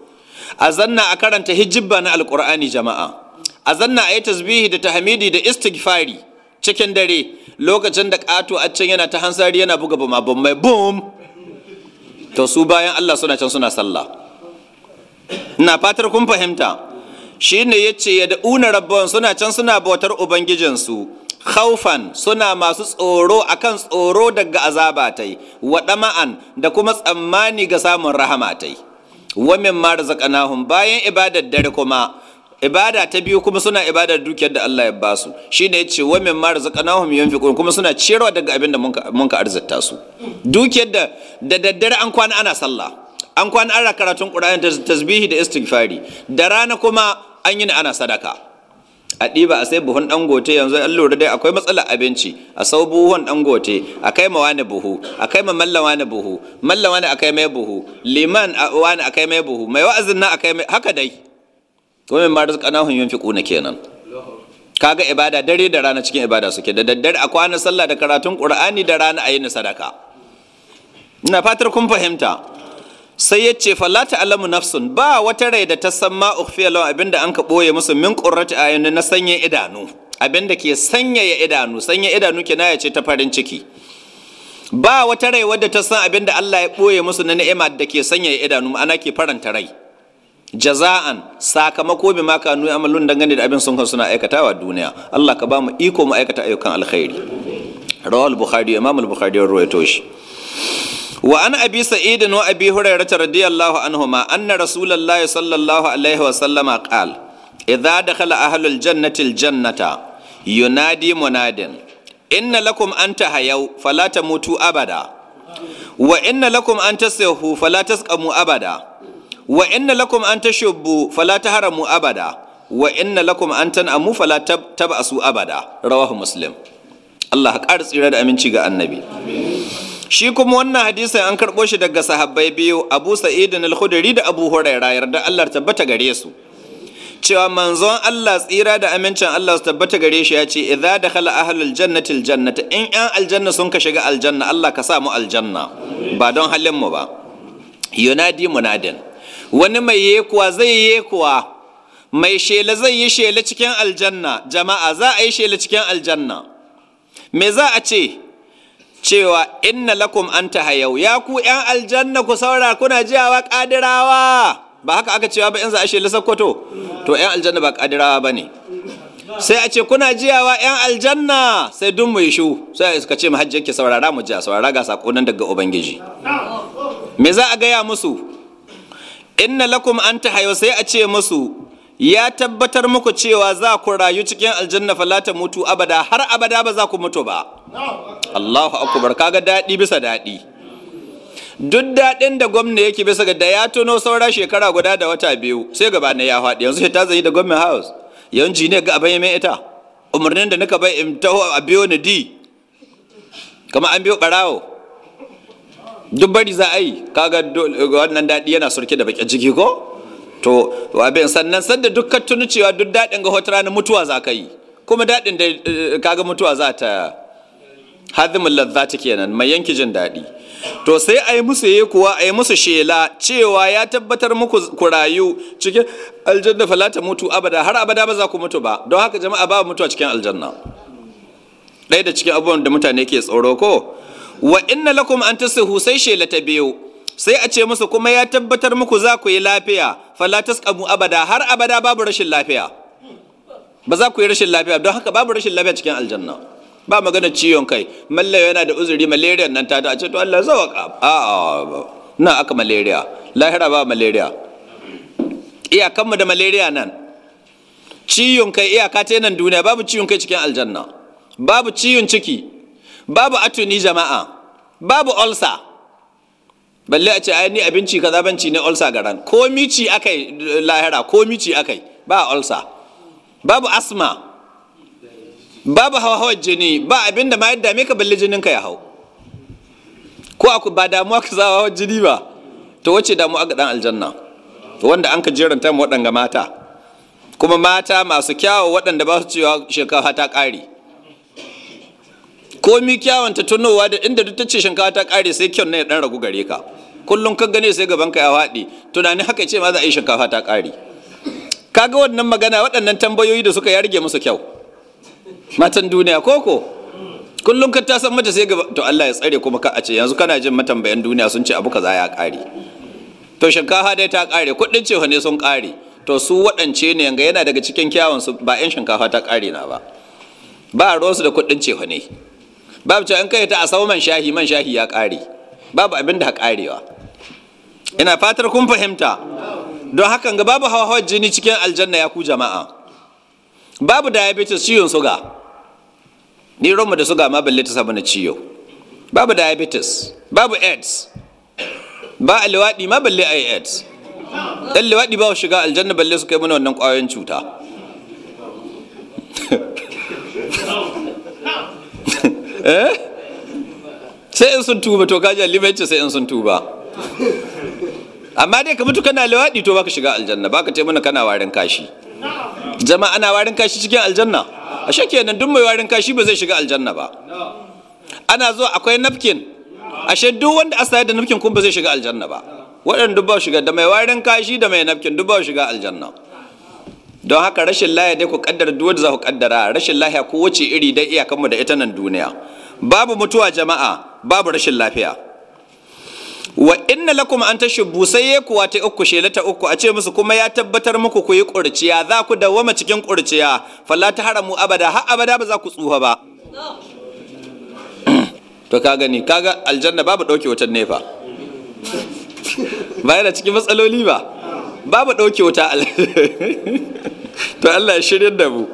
a zanna a karanta hijibba na alqur'ani jama'a a zanna a yi tasbihi da tahmidi da istighfari cikin dare lokacin da ƙato a can yana ta hansari yana buga bama mai boom to su bayan Allah suna can suna sallah ina fatar kun fahimta Shi ne ya ce da una rabban suna can suna bautar ubangijinsu khaufan suna masu tsoro akan tsoro daga azaba tai wa ɗama'an da kuma tsammani ga samun rahama tai wa mimma bayan ibadar dare kuma ibada ta biyu kuma suna ibadar dukiyar da Allah ya ba su shine yace wa min ma razaqnahum yunfiqun kuma suna ciyarwa daga abin da mun ka arzikta su dukiyar da da daddare an kwana ana sallah an kwana ana karatun Qur'ani tasbihi da istighfari da rana kuma an yi ana sadaka a ɗiba a sai buhun dangote yanzu an lura dai akwai matsalar abinci a sau buhun dangote a kai ma wani buhu a kai ma mallan wani buhu mallan wani a kai mai buhu liman wani a kai mai buhu mai wa'azin na a kai mai haka dai kuma ma razaqnahum na kenan kaga ibada dare da rana cikin ibada suke da daddare a kwana sallah da karatun qur'ani da rana a ayi sadaka ina fatar kun fahimta sai ya ce falata alamu nafsun ba wata rai da ta san ma ukhfiya lawan abinda an ka boye musu min qurrati ayunin na sanya idanu abinda ke sanyaya idanu sanya idanu kina ya ce ta farin ciki ba wata rai wadda ta san abinda Allah ya boye musu na ni'ima da ke sanyaya idanu ma'ana ke faranta rai jaza'an sakamako bi maka kanu amalun dangane da abin sun kan suna aikatawa duniya Allah ka ba mu iko mu aikata ayyukan alkhairi rawal bukhari imam al-bukhari rawaito shi wa an abi sa'id wa abi hurairah radiyallahu anhuma anna rasulullahi sallallahu alaihi wa sallama qal idza dakhala ahlul jannati al-jannata yunadi munadin inna lakum an tahayaw fala tamutu abada wa inna lakum an tasihu fala tasqamu abada wa inna lakum an tashubbu fala taharamu abada wa inna lakum an tan'amu fala tab'asu abada rawahu muslim Allah ka ƙara tsira da aminci ga annabi shi kuma wannan hadisin an karɓo shi daga sahabbai biyu abu sa'idin al-khudri da abu Hurairah yarda Allah tabbata gare su cewa manzon Allah tsira da amincin Allah su tabbata gare shi ya ce idza dakhala ahlul jannati aljannata in yan aljanna sun ka shiga aljanna Allah ka sa mu aljanna ba don halin mu ba yunadi munadin wani mai yekuwa zai yekuwa mai shela zai yi shela cikin aljanna jama'a za a yi shela cikin aljanna me za a ce cewa inna lakum an hayau ya ku yan aljanna ku saura kuna jiyawa kadirawa ba haka aka cewa ba in za a shela sakkwato to yan aljanna ba kadirawa ba ne sai a ce kuna jiyawa 'yan aljanna sai dun mu shu sai suka ce mu hajji yake saurara mu jiya saurara ga sakonan daga ubangiji me za a gaya musu inna lakum an ta hayo sai a ce musu ya tabbatar muku cewa za ku rayu cikin aljanna falata mutu abada har abada ba za ku mutu ba Allahu akbar kaga daɗi bisa daɗi duk daɗin da gwamna yake bisa ga da ya tuno saura shekara guda da wata biyu sai gaba na ya faɗi yanzu ta zai da gwamna house yanzu ne ga abin mai ita umarnin da nika bai in a biyo ni di kama an biyo ɓarawo duk bari za a yi kaga wannan daɗi yana surke da baƙi jiki ko to abin sannan sanda duk ka tuni cewa duk daɗin ga wata na mutuwa za ka yi kuma daɗin da eh, kaga mutuwa za ta hadimin lazzati kenan mai yanki jin daɗi to sai a yi musu yi kuwa a yi musu shela cewa ya tabbatar muku ku rayu cikin aljanna falata mutu abada har abada ba za ku mutu ba don haka jama'a ba mutuwa cikin aljanna ɗaya da cikin abubuwan da mutane ke tsoro ko wa inna lakum an tasihu sai shela ta biyu sai a ce musu kuma ya tabbatar muku za ku yi lafiya fala tasqamu abada har abada babu rashin lafiya ba za ku yi rashin lafiya don haka babu rashin lafiya cikin aljanna ba magana ciwon kai malla yana da uzuri malaria nan ta a ce to Allah zawa a a na aka malaria lahira ba malaria iyakanmu da malaria nan ciwon kai iyaka ta nan duniya babu ciwon kai cikin aljanna babu ciwon ciki babu atuni jama'a babu ulcer balle a ce ai ni abinci kaza banci ne ulcer garan ko mici akai eh, lahira ko mici akai ba ulcer babu asma babu hawa-hawar jini ba abin da ma yadda me ka balle jininka ya hau ko aku ba damuwa ka zawa hawa jini ba to wace damuwa ga dan aljanna wanda an ka jeranta mu waɗanga mata kuma mata masu kyawu waɗanda ba su cewa shekara ta ƙari. komi kyawun ta tunowa da inda duk ta ce shinkawa ta kare sai kyau na ya dan ragu gare ka kullum kan gane sai gaban ka ya faɗi tunani haka ce ma za a yi shinkafa ta kare kaga wannan magana waɗannan tambayoyi da suka ya rage musu kyau matan duniya koko kullum ka ta san mata sai gaba to Allah ya tsare kuma ka a ce yanzu kana jin matambayan duniya sun ce abu kaza ya kare to shinkafa dai ta kare kuɗin cewa ne sun kare to su waɗance ne yanga yana daga cikin kyawun su ba 'yan shinkafa ta kare na ba ba ruwansu da kuɗin ce ne babu cewa in kai ta a sau man shahi man shahi ya ƙare babu abin da ƙarewa ina fatar kun fahimta don hakan ga babu hawa jini cikin aljanna ya ku jama'a babu diabetes ciwon suga ni romu da suga ma balle ta samu na ciyo babu diabetes babu aids ba a liwaɗi ma balle a aids ɗan liwaɗi ba shiga aljanna balle su kai mana wannan ƙwayoyin cuta Eh? sai in sun tuba to kaji ce sai in sun tuba amma dai ka mutu kana lewaɗi to baka shiga aljanna baka ce mana kana warin kashi jama ana warin kashi cikin aljanna a nan duk mai warin kashi ba zai shiga aljanna ba ana zuwa akwai napkin ashe duk wanda asa da napkin kun ba zai shiga aljanna ba waɗanda duk ba shiga da mai warin kashi da mai napkin duk ba shiga aljanna don haka rashin laya dai ku kaddara duk wanda za ku kaddara rashin laya ko wace iri dai iyakanmu da ita nan duniya babu mutuwa jama'a babu rashin lafiya wa inna lakum an tashubbu sai ya kuwa ta uku shela ta uku a ce musu kuma ya tabbatar muku ku yi ƙurciya za ku dawwama cikin ƙurciya falla ta haramu abada har abada ba za ku tsuha ba to ka gani kaga aljanna babu dauke wutar nefa ba yana cikin matsaloli ba babu dauke wuta to Allah ya shirya da mu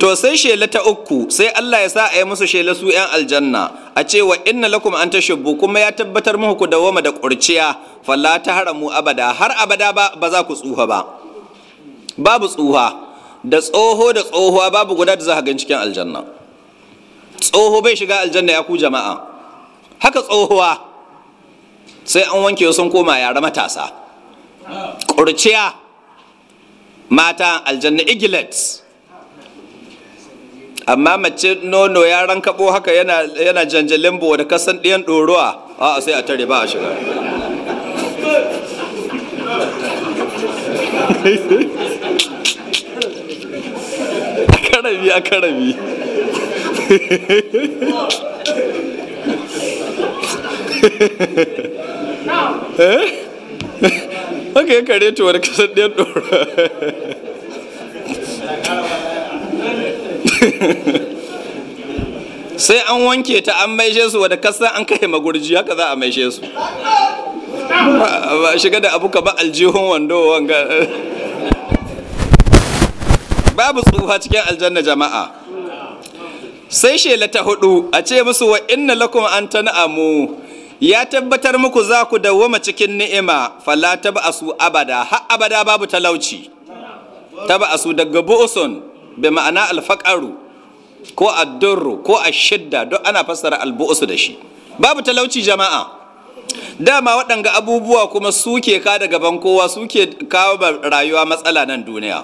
to sai shela ta uku sai Allah ya sa a yi musu shela su 'yan aljanna a cewa inna lakum an tashubbu kuma ya tabbatar muku ku dawoma da ƙurciya falla ta haramu abada har abada ba za ku tsuha ba babu tsuha da tsoho da tsohuwa babu guda da za ka gan cikin aljanna tsoho bai shiga aljanna ya ku jama'a haka tsohuwa sai an wanke sun koma yara matasa ƙurciya mata aljanna igilets amma mace nono ya rankabo haka yana janjalin bo da kasan ɗiyan ɗoruwa a sai a tare ba a shiga a karami a karami eh haka ya kare tuwar kasan ɗiyan ɗoruwa sai an wanke ta an maishe su wadda kasa an kai magurji haka za a maishe su shiga da abu ka ba aljihun wando wanga babu tsufa cikin aljanna jama'a sai shela ta hudu a ce musu wa inna lakum an na'amu ya tabbatar muku za ku dawwama cikin ni'ima fala su abada har abada babu talauci su daga bu'usun bi ma'ana alfaqaru ko addurru ko ashidda duk ana fassara albu'su da shi babu talauci jama'a dama waɗanga abubuwa kuma suke ka daga kowa suke kawo rayuwa matsala nan duniya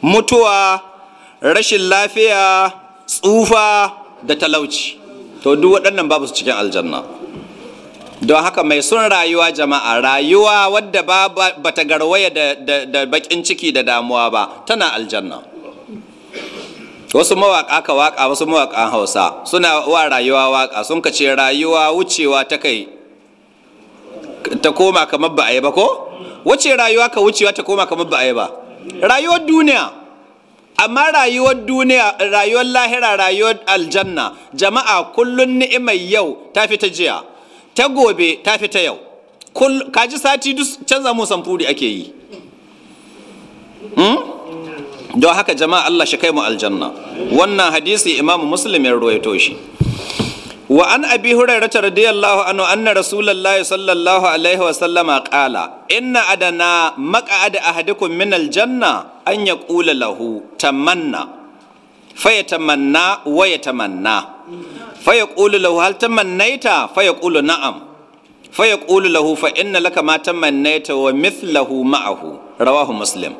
mutuwa rashin lafiya tsufa da talauci to duk waɗannan babu su cikin aljanna don haka mai sun rayuwa jama'a rayuwa wadda ba ta garwaya da baƙin ciki da damuwa ba tana aljanna wasu mawaƙa ka waƙa wasu mawaƙa hausa suna wa rayuwa waƙa sun ka ce rayuwa wucewa ta kai ta koma kamar ba a yi ba ko wace rayuwa ka wucewa ta koma kamar ba a yi ba rayuwar duniya amma rayuwar duniya rayuwar lahira rayuwar aljanna jama'a kullun ni'imar yau ta fita jiya ta gobe ta fita yau kaji sati duk canza musan fudi ake yi hmm? don haka jama'a Allah shi kai mu aljanna wannan hadisi imam muslim ya ruwaito shi wa an abi hurairah radiyallahu anhu anna rasulullahi sallallahu alaihi wa sallama qala inna adana maq'ad ahadikum min aljanna an yaqula lahu tamanna fayatamanna wa yatamanna fayaqulu lahu hal tamannaita fayaqulu na'am fayaqulu lahu fa inna laka ma tamannaita wa mithlahu ma'ahu rawahu muslim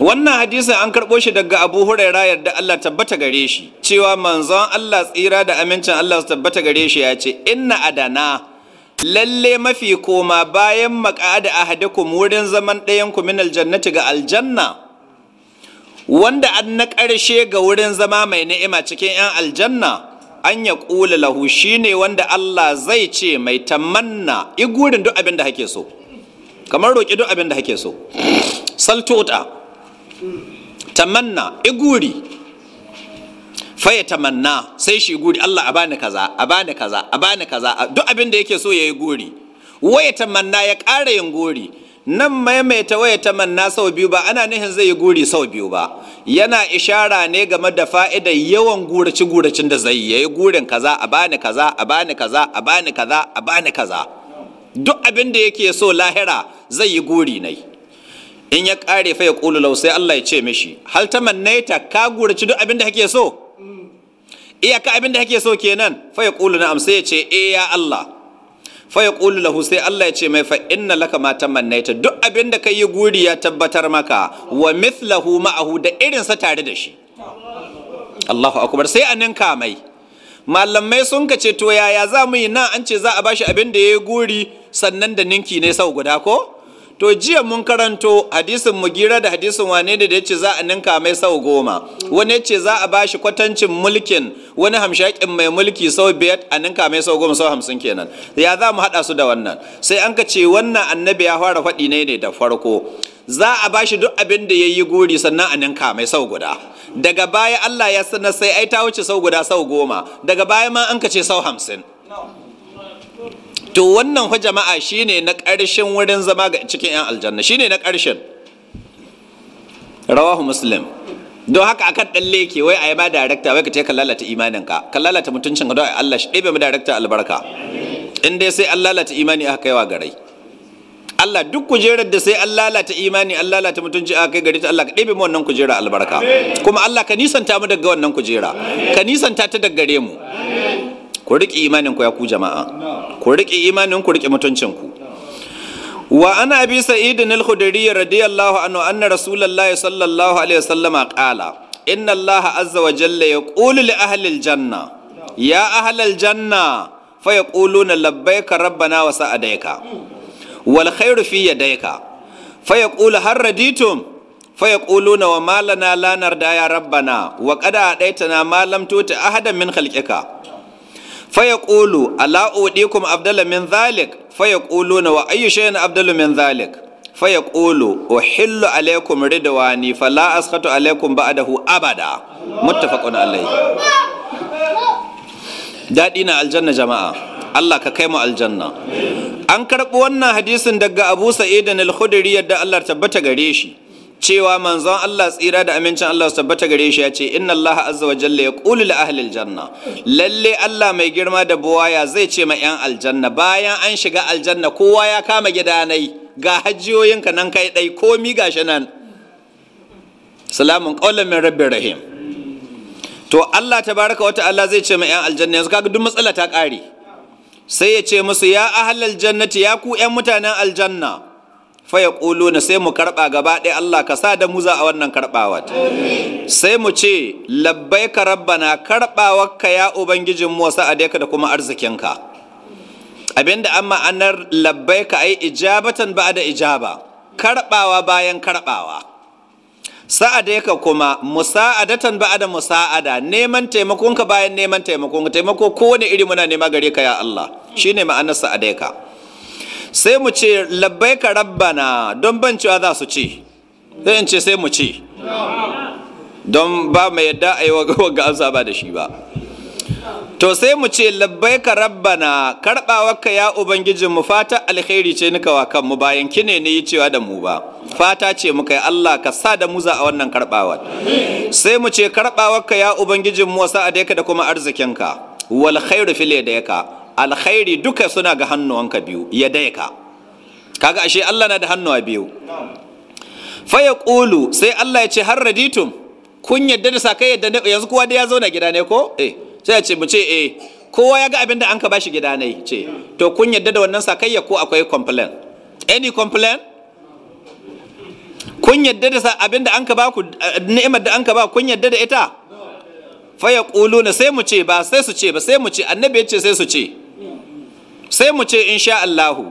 wannan hadisin an karɓo shi daga abu huraira yadda allah tabbata gare shi cewa manzon allah tsira da amincin allah su tabbata gare shi ya ce inna adana lalle mafi koma bayan a ahadakum wurin zaman ɗayan ku min aljannati ga aljanna wanda an na ƙarshe ga wurin zama mai ni'ima cikin 'yan aljanna an ya ƙula lahu shine wanda Allah zai ce mai tamanna igurin duk abin da hake so kamar roƙi duk abin da hake so ta. tamanna iguri faya tamanna sai shi guri Allah a kaza a kaza a kaza duk abin da yake so ya yi guri waya tamanna ya ƙara yin guri nan maimaita waya tamanna sau biyu ba ana nihin zai yi guri sau biyu ba yana ishara ne game da fa'ida yawan guraci guracin da zai yi gurin kaza abani bani kaza a bani kaza a kaza a kaza duk abin da yake so lahira zai yi guri nai in ya kare fa ya qulu lau sai Allah ya ce mishi hal tamannaita ka gurci duk abin da kake so iyaka abin da kake so kenan fa ya qulu na'am sai ya ce eh ya Allah fa ya qulu lahu sai Allah ya ce mai fa inna laka ma ta tamannaita duk abin da kai guri ya tabbatar maka wa mithlahu ma'ahu da irin sa tare da shi Allahu akbar sai a ninka mai malamai sun ka ce to yaya za mu yi nan an ce za a bashi abin da ya guri sannan da ninki ne sau guda ko to jiya mun karanto hadisin gira da hadisin wane da ya ce za a ninka mai sau goma wani ce za a shi kwatancin mulkin wani hamshakin mai mulki sau biyar a ninka mai sau goma sau hamsin kenan ya za mu haɗa su da wannan sai an ka ce wannan annabi ya fara faɗi ne ne da farko za a bashi duk abin da ya yi gori sannan a ninka mai sau guda daga baya allah ya sanar sai ai ta wuce sau guda sau goma daga baya ma an ka ce sau hamsin to wannan fa jama'a shine na ƙarshen wurin zama ga cikin 'yan aljanna shine na ƙarshen rawahu muslim don haka akan ɗan leke wai a yi ma darakta wai ka ce ka lalata imaninka ka lalata mutuncin ka don Allah shi ɗebe mu darakta albarka in dai sai an lalata imani aka kaiwa garai Allah duk kujerar da sai an lalata imani an lalata mutunci aka kai gari ta Allah ka ɗebe mu wannan kujera albarka kuma Allah ka nisanta mu daga wannan kujera ka nisanta ta daga gare mu ku riƙe imaninku ya ku jama'a ku riƙe imanin ku riƙe mutuncinku wa ana abi sa'idin al-khudri radiyallahu anhu anna rasulullahi sallallahu alaihi wasallama qala inna allaha azza wa jalla yaqulu li ahli al-janna ya ahli al-janna fa yaquluna labbaika rabbana wa sa'adaika wal khairu fi yadayka fa yaqulu har raditum fa yaquluna wa ma lana lanar narda ya rabbana wa qad adaitana malam lam tuti ahadan min khalqika faya ƙulu ala uɗikum abdala min zalik faya ƙulu na wa ayyu shayin abdala min zalik faya ƙulu uhillu alaikum ridwani fala asqatu alaikum ba'dahu abada muttafaqun alaihi daɗi na aljanna jama'a Allah ka kai mu aljanna an karɓi wannan hadisin daga Abu Sa'id al-Khudri yadda Allah tabbata gare shi cewa manzon Allah tsira da amincin Allah su tabbata gare shi ya ce inna Allah azza wa jalla yaqulu li ahli aljanna lalle Allah mai girma da buwaya zai ce ma yan aljanna bayan an shiga aljanna kowa ya kama gidanai ga hajjiyoyinka nan kai dai komi gashi nan salamun qawlan min rabbir rahim to Allah tabaraka wa ta'ala zai ce ma yan aljanna yanzu kaga duk matsala ta kare sai ya ce musu ya ahlal jannati ya ku yan mutanen aljanna faya na sai mu karɓa gaba ɗaya Allah ka sa da muza a wannan karɓawa sai mu ce labbai ka rabbana karɓawa ka ya ubangijin mu wasu ka da kuma arzikinka abinda an ma'anar labbai ka ai ijabatan ba da ijaba karɓawa bayan karɓawa ka kuma musa'adatan ba da musa'ada neman taimakonka bayan neman taimakonka taimako kowane iri muna nema gare ka ya Allah shine ma'anar ka. sai mu ce labbai ka rabbana don ban za su ce sai in ce sai mu ce don ba mai yadda a yi waga amsa ba da shi ba to sai mu ce labbai ka rabbana karɓawarka ya ubangijin mu fata alkhairi ce nika wa kanmu bayan kine ne yi cewa da mu ba fata ce muka yi Allah ka sa da muza a wannan karɓawar sai mu ce karɓawarka ya ubangijin mu wasa da da kuma arzikinka wal khairu fil yadayka alkhairi duka suna ga hannuwanka biyu ya ka kaga ashe Allah na da hannuwa biyu fa ya kulu sai Allah ya ce har raditum kun yadda da sakai yadda yanzu kowa da ya zauna gida ne ko eh sai ya ce mu ce eh kowa ya ga abin da an ka bashi gida ne ce to kun yadda da wannan sakayya ko akwai complain any complain kun yadda da abin da an ka ba ku eh, ni'imar da an ka ba kun yadda da ita fa ya kulu na sai mu ce ba sai su ce ba sai mu ce annabi ya ce sai su ce sai mu ce insha Allahu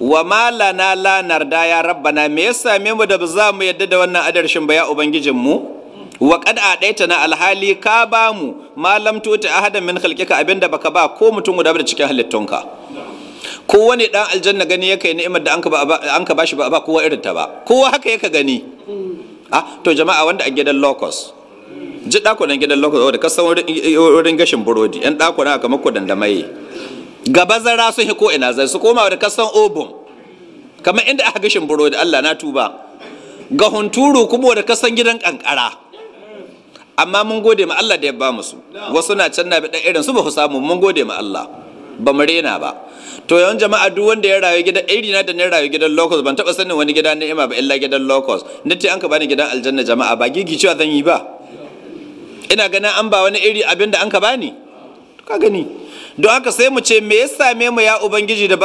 wa malana la narda ya rabbana me ya same mu da za mu yadda da wannan adarshin baya ya ubangijin mu wa qad adaita na alhali ka ba mu malam tuta ahadan min khalqika abinda baka ba ko mutum guda da cikin halittunka ko wani dan aljanna gani yake ni'imar da anka ba anka bashi ba ba kowa irin ta ba kowa haka yake gani ah to jama'a wanda a gidan locust ji dakunan gidan locust da kasan wurin gashin burodi yan dakuna kamar ku dandamaye gaba zara sun ko ina zai su koma da kasan obin kamar inda aka gashin burodi da Allah na tuba ga hunturu kuma da kasan gidan kankara amma mun gode ma Allah da ya ba musu wasu na can na bidan irin su ba ku samu mun gode ma Allah ba mu rena ba to yawan jama'a duk wanda ya rayu gidan iri na da na rayu gidan locus ban taba sanin wani gida ni'ima ba illa gidan locus nace an ka bani gidan aljanna jama'a ba gigi cewa zan yi ba ina ganin an ba wani iri abin da an ka bani ka gani don haka sai mu ce me ya same mu ya ubangiji da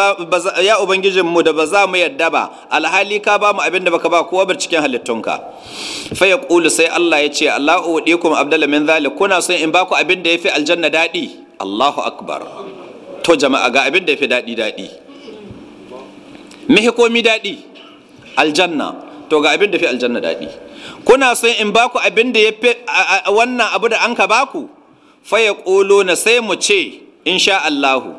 ya ubangijin mu da ba za mu yadda ba alhali ka ba mu abin da baka ba kowa bar cikin halittunka fa yaqulu sai Allah ya ce Allahu wadikum abdala min zalik kuna son in baku abin da yafi aljanna dadi Allahu akbar to jama'a ga abin da yafi dadi dadi mihi komi dadi aljanna to ga abin da fi aljanna dadi kuna son in baku abin da yafi wannan abu da an ka baku fa yaquluna sai mu ce in sha Allahu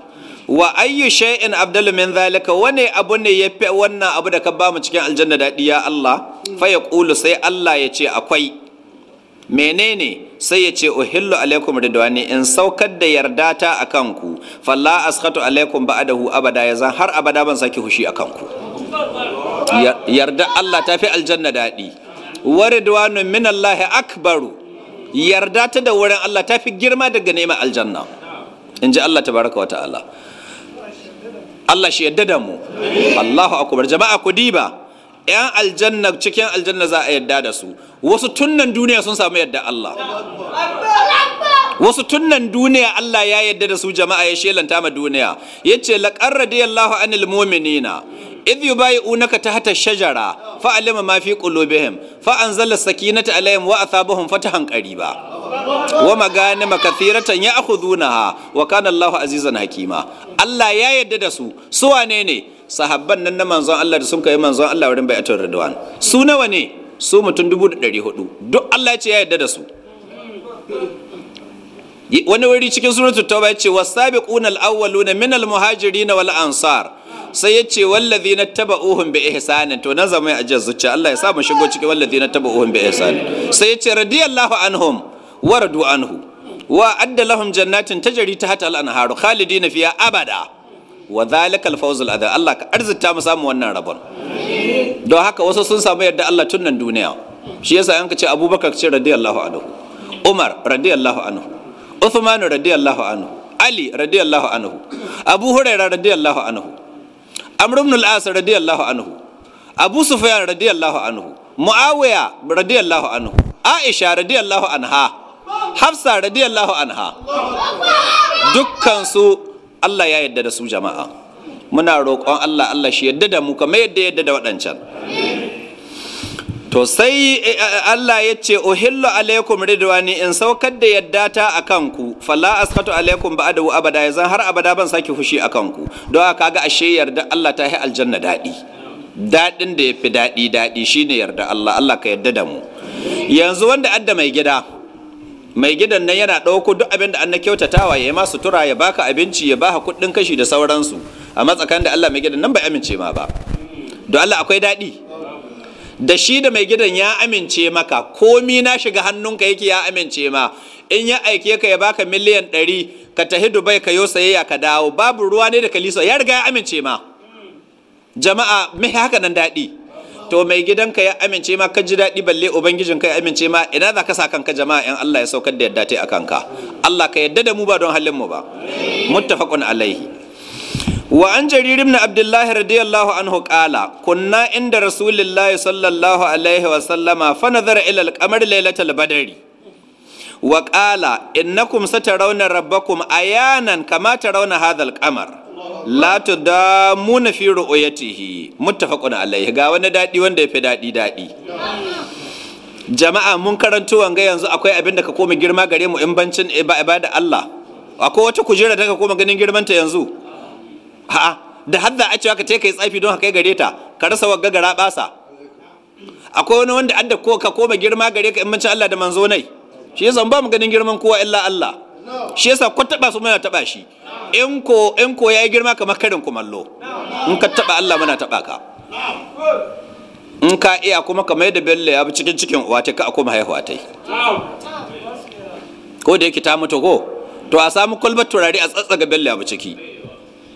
wa ayyu shay'in abdalu min zalika wani abu ne ya fi wannan abu da ka ba mu cikin aljanna daɗi ya Allah fa ya kulu sai Allah ya ce akwai menene sai ya ce uhillu alaikum ridwani in saukar da yarda ta a kanku falla askatu alaikum ba'dahu abada ya zan har abada ban saki hushi a kanku yarda Allah ta fi aljanna daɗi wa ridwanu min Allah akbaru yarda ta da wurin Allah ta fi girma daga neman aljanna in ji Allah tabaraka wa ta'ala Allah shi yadda da mu Allahu akbar jama'a ku diba yan aljanna cikin aljanna za a yadda da su wasu tunnan duniya sun samu yadda Allah wasu tunnan duniya Allah ya yadda da su jama'a ya shelanta ma duniya yace laqad radiyallahu anil mu'minina idh yubayi'unaka tahta shajara fa alima ma fi qulubihim fa anzala sakinata alaihim wa athabahum fatahan qariba wa maganima kathiratan ya'khudunaha wa kana Allahu azizan hakima Allah ya yadda da su su wane ne sahabban nan na manzon Allah da sun kai manzon Allah wurin bai'atul ridwan su nawa ne su mutum 1400 duk Allah ya ce ya yadda da su wani wuri cikin suratul tauba ya ce was-sabiquna al-awwaluna minal muhajirin wal ansar sai ya ce wallazi na taba uhun bi ihsanin to na zama a jiyar zuciya Allah ya sa mu shigo cikin wallazi na taba uhun bi ihsanin sai ya ce radiyallahu anhum wa radu anhu wa adda lahum jannatin tajri tahta al-anharu khalidina fiha abada wa dhalika al-fawz al-adha Allah ka arzuta mu samu wannan rabon don haka wasu sun samu yadda Allah tun nan duniya shi yasa an ka ce Abubakar ce radiyallahu anhu Umar radiyallahu anhu Uthman radiyallahu anhu Ali radiyallahu anhu Abu Hurairah radiyallahu anhu amr ibn al-as radiyallahu anhu abu sufyan radiyallahu anhu muawiya radiyallahu anhu aisha radiyallahu anha hafsa radiyallahu anha dukkansu Allah ya yadda da su jama'a muna roƙon Allah Allah shi yadda da mu kamar yadda yadda da waɗancan to sai eh, eh, Allah ya ce uhillu alaikum ridwani in saukar da yadda ta a kanku falla asfatu alaikum ba adawu abada zan har abada ban sake fushi a kanku don aka ga ashe yarda Allah ta yi aljanna daɗi daɗin da ya fi daɗi daɗi shine yarda Allah Allah ka yarda da mu yanzu wanda adda mai gida mai gidan nan yana ɗauko duk abin da an na kyautatawa ya yi masu tura ya baka abinci ya baka kuɗin kashi da sauransu a matsakan da Allah mai gidan nan bai amince ma ba don Allah akwai daɗi da shi da mai gidan ya amince maka komi na shiga hannunka yake ya amince ma in ya aike ka ya baka miliyan ɗari ka tahi dubai ka yo sayayya ka dawo babu ruwa ne da kalisa ya riga ya amince ma jama'a mai haka nan daɗi to mai gidanka ya amince ma ka ji daɗi balle ka ya amince ma ina za ka sa kanka jama'a in Allah ya saukar da yadda ta a kanka. Allah ka yadda da mu ba don halin mu ba muttafaqun alaihi wa an jaririn na Abdullahi radiyallahu anhu kala, kunna inda rasulillahi sallallahu alaihi wa sallama fa nazara ila al-qamar lailatul badri wa qala innakum satarawna rabbakum ayanan kama tarawna hadha qamar la tudamuna fi ru'yatihi muttafaqun alaihi ga wani dadi wanda yafi dadi dadi jama'a mun karanto wanga yanzu akwai abin da ka koma girma gare mu in bancin ibada Allah akwai wata kujera da ka koma ganin girmanta yanzu a'a da hadda a cewa ka ce kai tsafi don ka kai gare ta ka rasa wa gagara basa akwai wani wanda adda ko ka koma girma gare ka in manci Allah da manzo nai shi yasa ba mu ganin girman kowa illa Allah shi yasa ko taba su muna taba shi in ko in ko yayi girma kamar karin kumallo in ka taba Allah muna taba ka in ka iya kuma kamar yadda Bello ya bi cikin cikin uwa ta ka koma haihuwa ta ko da yake ta mutu ko to a samu kulbar turare a tsatsaga Bello ya bi ciki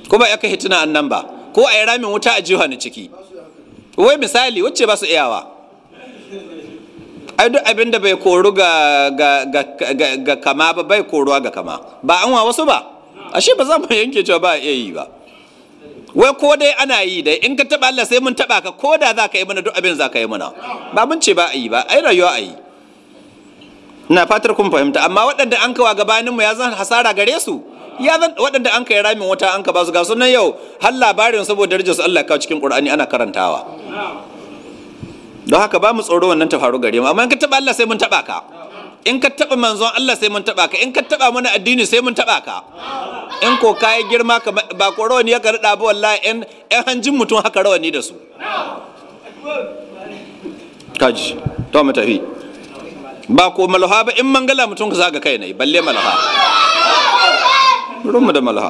kuma ya kai tuna annan ba ko a yi ramin wuta a jiwa na ciki wai misali wacce ba su iyawa ai duk abin da bai koru ga kama ba bai koruwa ga kama ba an wa wasu ba ashe ba za mu yanke cewa ba iya yi ba wai ko dai ana yi dai in ka taba Allah sai mun taba ka ko da za ka yi mana duk abin za ka yi mana ba mun ce ba a yi ba ai rayuwa a yi na fatar kun fahimta amma waɗanda an kawa gabaninmu ya zan hasara gare su ya zan waɗanda an kai ramin wata an ka ba su ga sunan yau har labarin saboda rijar su Allah kawo cikin Qur'ani ana karantawa don haka ba mu tsoro wannan ta faru gare mu amma in ka taba Allah sai mun taba ka in ka taba manzon Allah sai mun taba ka in ka taba mana addini sai mun taba ka in ko kai girma ka ba ko rawani ya karɗa ba wallahi in ɗan hanjin mutum haka rawani da su kaji to mu tafi ba ko malaha ba in mangala mutum ka zaga kai ne balle malaha rumu da malha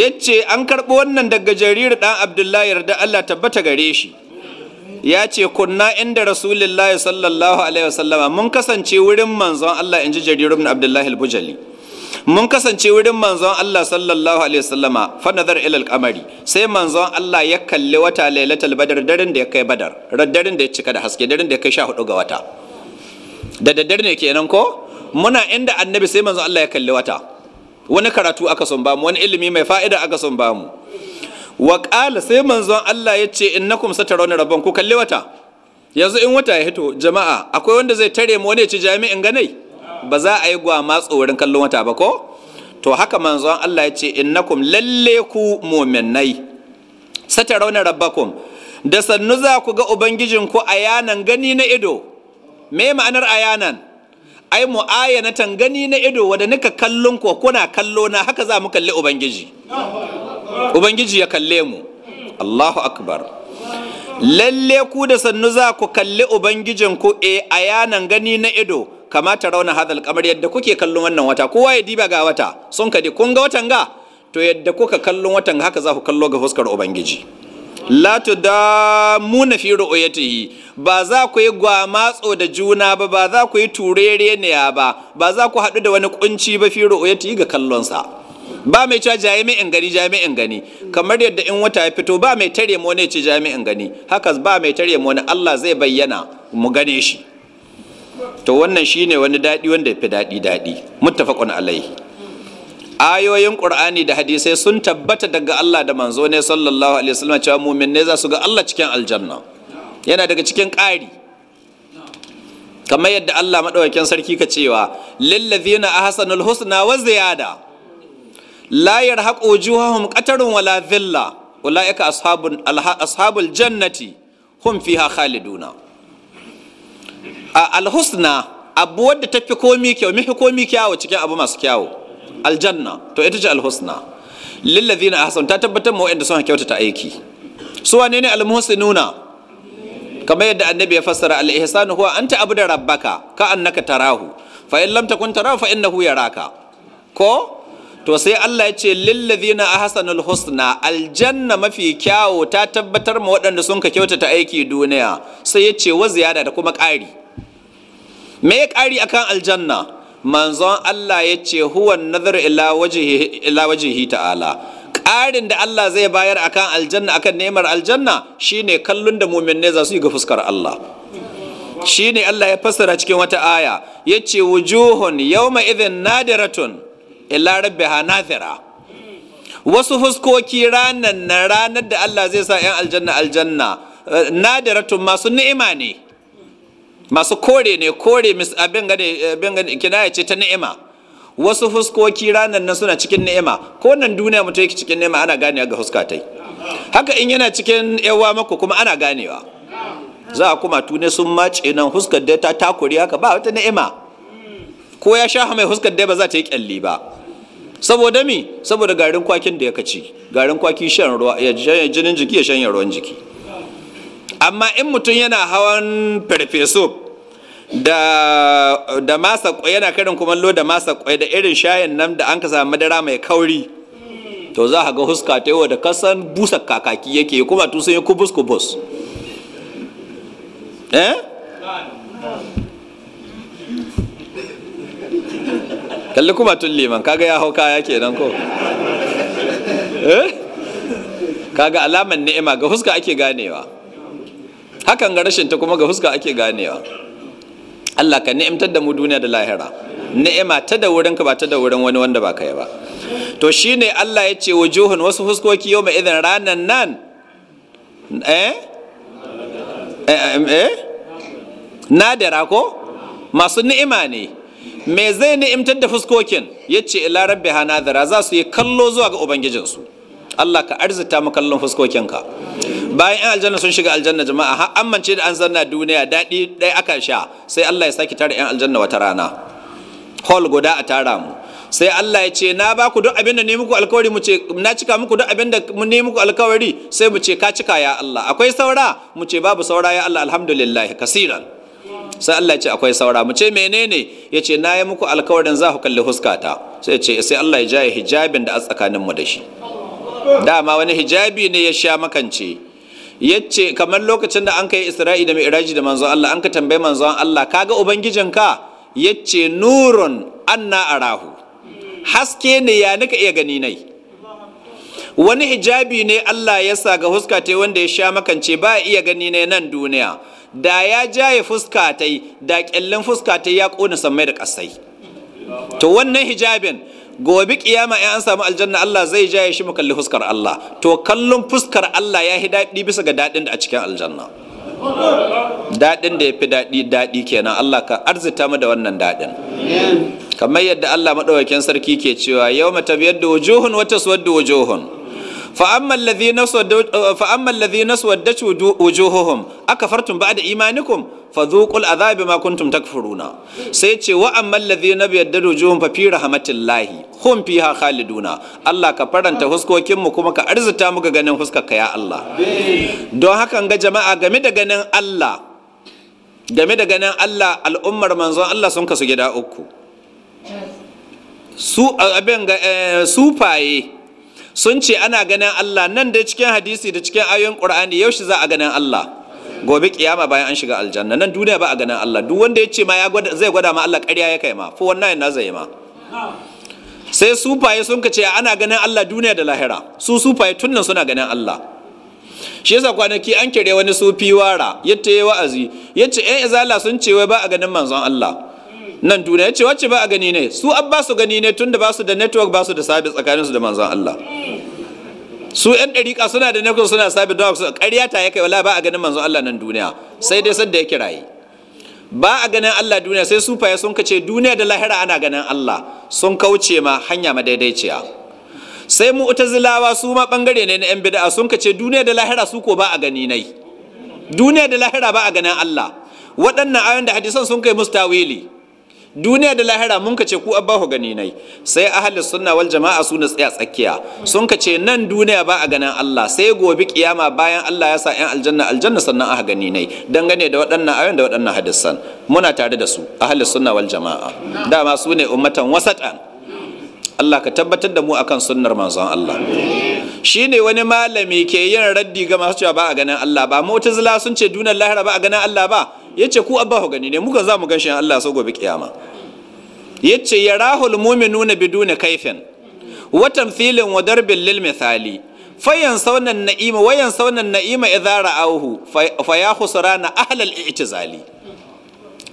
ya ce an karɓi wannan daga jarir ɗan abdullahi yarda allah tabbata gare shi ya ce kunna inda rasulullahi sallallahu alaihi wasallama mun kasance wurin manzon allah in ji jarir ibn abdullahi al-bujali mun kasance wurin manzon Allah sallallahu alaihi wasallama fa nazar al qamari sai manzon Allah ya kalli wata lailatul badar daren da ya kai badar daren da ya cika da haske daren da ya kai 14 ga wata da daddare ne kenan ko muna inda annabi sai manzo Allah ya kalli wata wani karatu aka son bamu wani ilimi mai fa'ida aka son bamu wa qala sai manzo Allah ya ce innakum satarawna rabban ku kalli wata yanzu in wata ya hito jama'a akwai wanda zai tare mu wani ya ci jami'in ganai ba za a yi gwama tsorin kallon wata ba ko to haka manzo Allah ya ce innakum lalle ku mu'minai satarawna rabbakum da sannu za ku ga ubangijinku a yanan gani na ido me ma'anar a yanan ai mu'ayanatan gani na ido wanda nika kallon ko kuna kallo na haka za mu kalli ubangiji ubangiji ya kalle mu Allahu akbar lalle ku da sannu za ku kalli ubangijin ku eh, a yanan gani na ido kamata rauna hadal kamar yadda kuke kallon wannan wata kowa ya diba ga wata sun kadi kun ga watan ga to yadda kuka kallon watan haka za ku kallo ga fuskar ubangiji la muna fi ru'yatihi ba za ku yi gwamatso da juna ba ba za ku yi turereniya ba ba za ku haɗu da wani kunci ba fi ru'yatihi ga kallonsa ba mai cewa jami'in gani jami'in gani kamar yadda in wata ya fito ba mai tare mu ne ce jami'in gani haka ba mai tare mu ne Allah zai bayyana mu gane shi to wannan shine wani daɗi wanda ya fi daɗi daɗi muttafaqun alaihi ayoyin qur'ani da hadisai sun tabbata daga Allah da manzo ne sallallahu alaihi wasallam cewa ne za su ga Allah cikin aljanna yana daga cikin ƙari kamar yadda Allah madaukakin sarki ka cewa lillazina ahsanul husna wa ziyada la yarhaqu wujuhahum qatarun wala dhilla ulaika ashabun ashabul jannati hum fiha khaliduna alhusna abu wadda tafi komi kyau mihi komi kyau cikin abu masu kyau. aljanna to ita ce alhusna lillazina ahsan ta tabbatar ma wa'anda sun kyautata aiki su wane ne almuhsinuna kamar yadda annabi ya fassara al huwa anta abda rabbaka ka annaka tarahu fa in lam takun tarahu fa innahu yaraka ko to sai Allah ya ce lillazina ahsanul husna aljanna mafi kyawu ta tabbatar ma waɗanda sun ka kyautata aiki duniya sai ya ce wa ziyada da kuma ƙari me ya ƙari akan aljanna manzon Allah ya ce huwan nazar ila wajihi ta'ala ƙarin da Allah zai bayar akan aljanna akan nemar aljanna shine kallon da ne za su yi ga fuskar Allah shine Allah ya fassara cikin wata aya Ya ce wujuhun yawma idhin nadiratun ila rabbiha nadira wasu fuskoki ranan na ranar da Allah zai sa 'yan aljanna aljanna eh, nadiratun masu ni'ima ne masu kore ne kore mis abin gane kinaya ce ta ni'ima wasu fuskoki ranan nan suna cikin ni'ima ko nan duniya mutum yake cikin ni'ima ana ganewa ga fuska tai haka in yana cikin yawa mako kuma ana ganewa za a kuma tune sun mace nan huskar da ta takure haka ba wata ni'ima ko ya sha mai huskar da ba za ta yi kyalli ba saboda mi saboda garin kwakin da ya kaci garin kwaki shan ruwa ya jinin jiki ya shanya ruwan jiki amma in mutum yana hawan farfeso da masa kwai yana karin kumallo da masa kwai da irin shayin nan da an ka samu madara mai kauri to za ka ga huska ta yau da kasan busa kakaki yake kuma tun sun yi kubus kubus eh kalli kuma tun liman kaga ya hau kaya kenan ko eh kaga alaman ni'ima ga huska ake ganewa hakan ga rashin ta kuma ga huska ake ganewa Allah ka ni'imtar da mu duniya da lahira ni'ima ta da wurin ka ba ta da wurin wani wanda ba kai ba to shine Allah ya ce wujuhun wasu huskoki yau mai idan ranan nan eh? Eh, eh, eh eh nadira ko masu ni'ima ne me zai ni'imtar da fuskokin yace ila rabbi nadira za su yi kallo zuwa ga ubangijinsu Allah ka arzita mu kallon fuskokinka bayan yan aljanna sun shiga aljanna jama'a har amince da an zanna duniya daɗi ɗaya aka sha sai Allah ya saki tara yan aljanna wata rana hall guda a tara mu sai Allah ya ce na ba ku duk abin da ne muku alkawari mu ce na cika muku duk abin da mu ne muku alkawari sai mu ce ka cika ya Allah akwai saura mu ce babu saura ya Allah alhamdulillah kasiran sai Allah ya ce akwai saura mu ce menene ya ce na yi muku alkawarin za ku kalli huskata sai ya ce sai Allah ya jaye hijabin da a tsakaninmu da shi dama wani hijabi ne ya sha makance yace kamar lokacin da an kai isra'i da mi'raji da manzon Allah an ka tambaye manzon Allah kaga ubangijinka yace nurun anna arahu haske ne ya nika iya gani nai wani hijabi ne Allah ya sa ga huska tai wanda ya sha makance ba iya gani ne nan duniya da ya jaye fuska tai da kyallin fuska ta ya kona sammai da kasai to wannan hijabin gobe kiyama in an samu aljanna Allah zai ja shi mu kalli fuskar Allah to kallon fuskar Allah ya hi daɗi bisa ga daɗin da a cikin aljanna daɗin da ya fi daɗi daɗi kenan Allah ka arzita mu da wannan daɗin kamar yadda Allah maɗaukakin sarki ke cewa yau mata biyar da wujuhun wata suwar da wujuhun fa'amman lazi naswadda wujuhuhum aka fartun ba da imanikum fadhuqul azabi ma kuntum takfuruna sai ce wa ammal ladhina bi yaddadu juhum fa fi rahmatillahi hum fiha khaliduna Allah ka faranta huskokin mu kuma ka arzuta mu ga ganin huskar ka ya Allah don hakan ga jama'a game da ganin Allah game da ganin Allah al'ummar manzon Allah sun kasu gida uku su abin ga eh, sufaye sun ce ana ganin Allah nan da cikin hadisi da cikin ayoyin Qur'ani yaushe za a ganin Allah gobe kiyama bayan an shiga aljanna nan duniya ba a ganin Allah duk wanda ya ce ma zai gwada ma Allah ƙarya ya kai ma fa wannan yana zai ma sai sufaye sun ka ce ana ganin Allah duniya da lahira su sufaye tun suna ganin Allah shi yasa kwanaki an kire wani sufi wara ya ta yi wa'azi ya ce ‘yan eh, izala sun ce wai ba a ganin manzon Allah nan duniya ya ce wacce ba a gani ne su abba su gani ne tunda da ba su da network ba su da sabis tsakaninsu da manzon Allah su yan ɗariƙa suna da nafsu suna sabi da su ƙarya ta ya kai wala ba a ganin manzon Allah nan duniya sai dai sadda ya kirayi ba a ganin Allah duniya sai su faye sun kace duniya da lahira ana ganin Allah sun kauce ma hanya madaidaiciya sai utazilawa su ma bangare ne na yan bid'a sun kace duniya da lahira su ko ba a gani nai duniya da lahira ba a ganin Allah waɗannan ayoyin da hadisan sun kai mustawili duniya da lahira mun ka ce ku abba ku gani nai sai ahalin sunna wal jama'a su na tsaya tsakiya sun ka ce nan duniya ba a ganin Allah sai gobe kiyama bayan Allah ya sa yan aljanna aljanna sannan aka gani nai dangane da waɗannan ayoyin da waɗannan hadisan muna tare da su ahalin sunna wal jama'a dama su ne ummatan wasatan Allah ka tabbatar da mu akan sunnar manzon Allah Shi ne wani malami ke yin raddi ga masu cewa ba a ganin Allah ba mu'tazila sun ce dunan lahira ba a ganin Allah ba Ya ce ku abba ku gani ne muka za mu gan shi Allah sau gobe kiyama yace nuna mu'minuna biduna kaifin Watan filin wa darbin lil misali fayan saunan na'ima wayan saunan na'ima idza ra'awhu fa ya khusrana ahlal i'tizali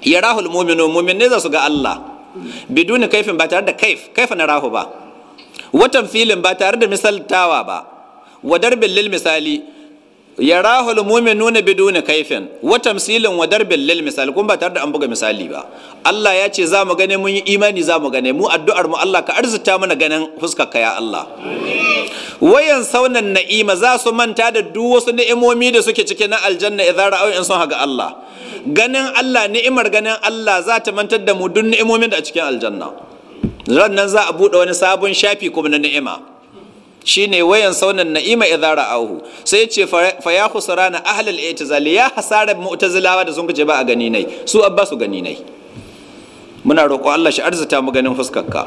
yarahul mu'minu mu'min ne za su ga Allah biduni kaifin ba tare da kaif kaifa na rahu ba watan filin ba tare da misaltawa ba wadar darbin lil misali yarahu almu'minuna biduna kaifin wa tamsilin wa darbin lil misal kun ba tare da an buga misali ba Allah ya ce za mu gane mun yi imani za mu gane mu addu'ar mu Allah ka arzuta mana ganin fuskar ka ya Allah wayan saunan na'ima za su manta da duk wasu ni'imomi da suke cike na aljanna idan ra'ayoyin sun haga Allah ganin Allah ni'imar ganin Allah za ta mantar da mu duk ni'imomin da a cikin aljanna ran nan za a buɗe wani sabon shafi kuma na ni'ima Shi ne wayan saunan na'ima zara ra'ahu sai ya ce fa ya khusrana ahlal i'tizal ya hasara mu'tazilawa da sun kace ba a gani nai su abba su gani nai muna roƙo Allah shi arzuta mu ganin fuskarka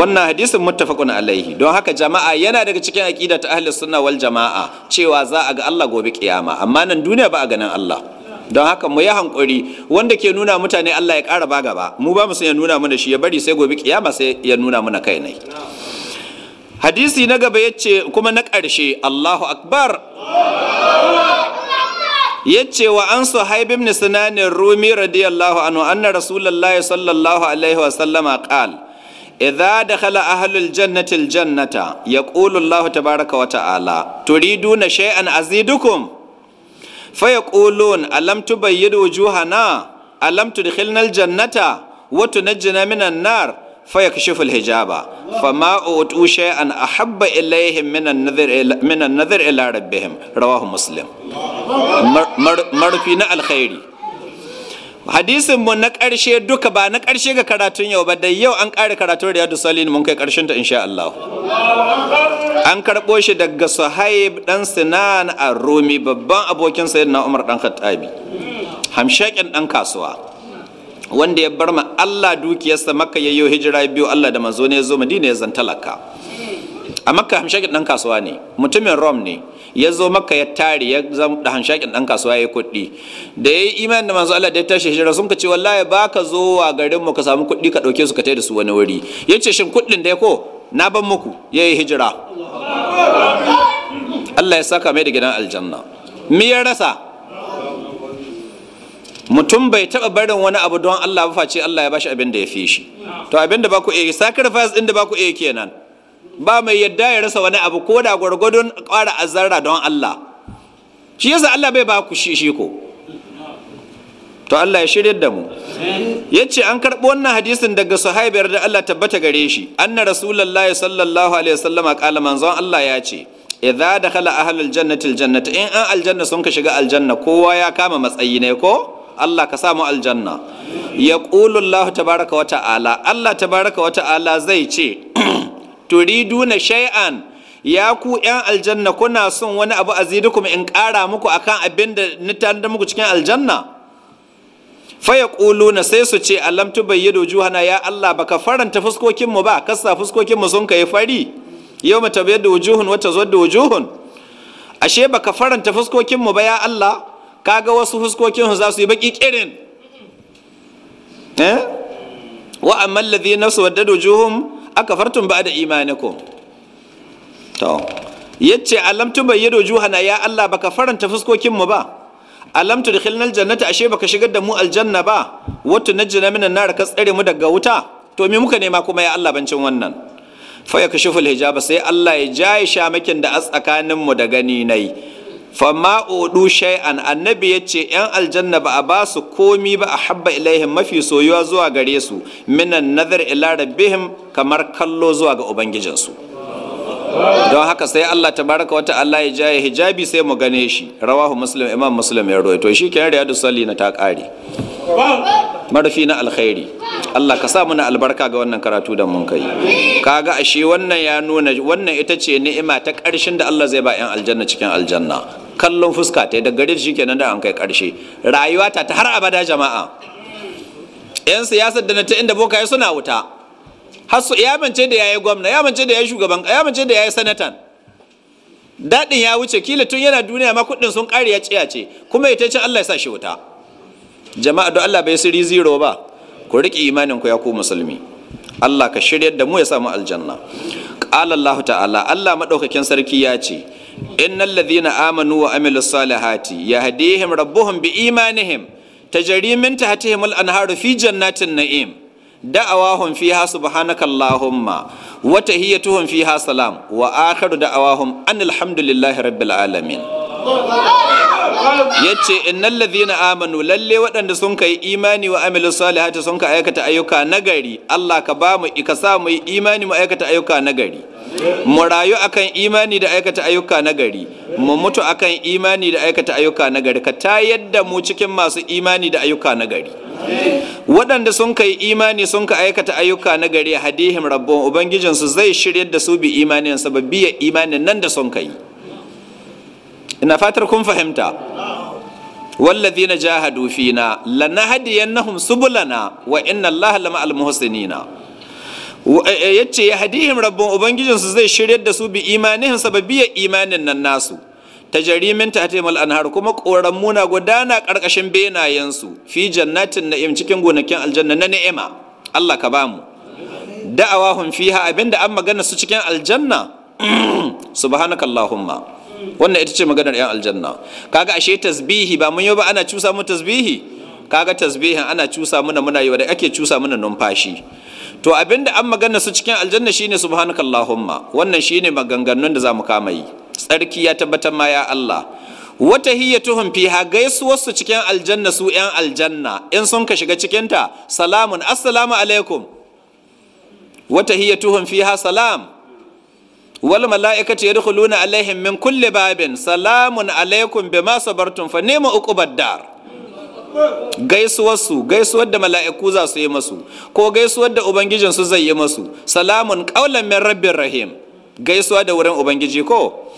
wannan hadisin muttafaqun alaihi don haka jama'a yana daga cikin aqida ta ahlus sunna wal jama'a cewa za a ga Allah gobe kiyama amma nan duniya ba a ganin Allah don haka mu yi hankuri wanda ke nuna mutane Allah ya ƙara ba gaba mu ba mu sun ya nuna mana shi ya bari sai gobe kiyama sai ya nuna mana kai ne hadisi na gaba ya ce kuma na ƙarshe allahu akbar ya ce wa an su haibim ni sunanin rumi radiyallahu anu anna rasulallah sallallahu alaihi wa sallama ƙal idza dakhala ahlul jannati al jannata yaqulu allah tabaraka wa ta'ala turiduna shay'an azidukum fa yaqulun alam tubayyidu wujuhana alam tudkhilna al jannata na jina minan nar فيكشف الحجاب hijaba. أوتوا شيئا أحب إليهم من النذر إلى من hadisin mu na ƙarshe duka ba na ƙarshe ga karatun yau ba da yau an ƙare karatun riyadu salin mun kai ƙarshen ta insha Allah an karɓo shi daga suhaib dan sinan a rumi babban abokin sayyidina umar dan khattabi hamshakin dan kasuwa wanda ya bar ma Allah dukiyarsa ya yi hijira biyu Allah da manzo ne ya zo madina ya laka a makka hamshakin dan kasuwa ne mutumin rom ne ya zo makka ya tare ya da hamshakin dan kasuwa ya kuɗi da ya yi imanin da manzo Allah da ya tashi hijira sun ka ce wallahi ba ka zo wa garin mu ka samu kuɗi ka ɗauke su ka tai da su wani wuri ya ce shin kuɗin da ya ko na ban muku ya yi hijira Allah ya saka mai da gidan aljanna me ya rasa mutum bai taba barin wani abu don Allah ba face Allah ya bashi abin da ya fi shi to abin da ba ku iya sacrifice din da ba ku iya kenan ba mai yadda ya rasa wani abu ko da gwargwadon ƙara azara don Allah shi yasa Allah bai ba ku shi ko to Allah ya shirya da mu yace an karbo wannan hadisin daga sahabiyar da Allah tabbata gare shi anna rasulullahi sallallahu alaihi wasallama qala manzon Allah ya ce idza dakhala ahlul jannati aljannata in an aljanna sun ka shiga aljanna kowa ya kama matsayi ne ko Allah ka samu aljanna ya ƙulullahu tabaraka wa ta'ala Allah tabaraka wa ta'ala zai ce turiduna shay'an ya ku yan aljanna kuna son wani abu azidukum in ƙara muku akan abin da ni da muku cikin aljanna faya na sai su ce alam tubayyadu juhana ya Allah baka faranta fuskokin mu ba kasa fuskokin mu sun kai fari yau mu bayyadu wujuhun wata zuwa wujuhun ashe baka faranta fuskokin mu ba ya Allah kaga wasu fuskokin za su yi baki kirin eh wa amma alladhi nafsu waddadu juhum akafartum ba'da imanikum to yace alam tubayyadu juhana ya Allah baka faranta fuskokin mu ba da tudkhilnal jannata ashe baka shigar da mu aljanna ba wato jina minan na raka tsare mu daga wuta to me muka nema kuma ya Allah bancin wannan fa yakshiful hijaba sai Allah ya jaye shamakin da a tsakaninmu mu da gani nayi famma odu shay'an annabi ya ce yan aljanna ba a ba su komi ba a habba ilaihim mafi soyuwa zuwa gare su minan nazar ila rabbihim kamar kallo zuwa ga ubangijinsu don haka sai Allah ta tabaraka wata Allah ya jaye hijabi sai mu gane shi rawahu muslim imam muslim ya rawaito shi kenan riyadu salli na ta kare marfi na alkhairi Allah ka sa muna albarka ga wannan karatu da mun kai kaga ashe wannan ya nuna wannan ita ce ni'ima ta karshen da Allah zai ba 'yan aljanna cikin aljanna kallon fuska ta da gare shi kenan da an kai ƙarshe rayuwa ta har abada jama'a 'yan siyasar da na ta inda bokaye suna wuta hasu ya mance da yayi gwamna ya mance da yayi shugaban ya mance da yayi sanatan Daɗin ya wuce kila tun yana duniya ma kudin sun kare ya tsiyace kuma ita ce Allah ya sa shi wuta jama'a don Allah bai siri zero ba ku riƙe imanin ku ya ku musulmi Allah ka shiryar da mu ya samu aljanna qala Allah ta'ala Allah madaukakin sarki ya ce innal ladhina amanu wa amilu salihati yahdihim rabbuhum bi imanihim tajri min tahtihim al anharu fi jannatin na'im da'awahum fiha subhanakallahumma wa tahiyyatuhum fiha salam wa akhiru da'awahum anil hamdulillahi rabbil alamin yace innal ladhina amanu lalle waɗanda sun kai imani wa amilu salihati sun ka aikata ayyuka nagari Allah ka ba mu ika sa mu imani mu aikata ayyuka nagari mu rayu akan imani da aikata ayyuka nagari mu mutu akan imani da aikata ayyuka nagari ka tayar da mu cikin masu imani da ayyuka nagari waɗanda sun kai imani sun ka aikata ayyuka nagari hadihim rabbon ubangijinsu zai shiryar da su bi imanin sababbi imanin nan da sun kai ina fatar kun fahimta wallazina jahadu fina lanahdiyannahum subulana wa inna allaha lama almuhsinina eh, eh, yace ya hadihim rabbun ubangijinsu zai shiryar da su bi imanihim ya imanin nan nasu jarimin ta taimal anhar kuma koran muna gudana karkashin benayensu fi jannatin na'im cikin gonakin aljanna na ni'ima Allah ka bamu da'awahum fiha abinda an magana su cikin aljanna subhanakallahumma wannan ita ce maganar yan aljanna kaga ashe tasbihi ba mun yi ba ana cusa mu tasbihi kaga tasbihin ana cusa muna muna yi da ake cusa muna numfashi to abinda an magana su cikin aljanna shine subhanakallahumma wannan shine maganganun da zamu kama yi tsarki ya tabbatar ma ya Allah wata tuhun fiha gaisu su cikin aljanna su yan aljanna in sun ka shiga cikinta salamun assalamu alaikum wata tuhun fiha salam wal mala'ikatu yadkhuluna alaihim min kulli babin salamun alaikum bima sabartum fa ni'ma uqubad dar gaisuwar su gaisuwar da mala'iku za su yi masu ko gaisuwar da ubangijin su zai yi masu salamun qaulan min rabbir rahim gaisuwa da wurin ubangiji ko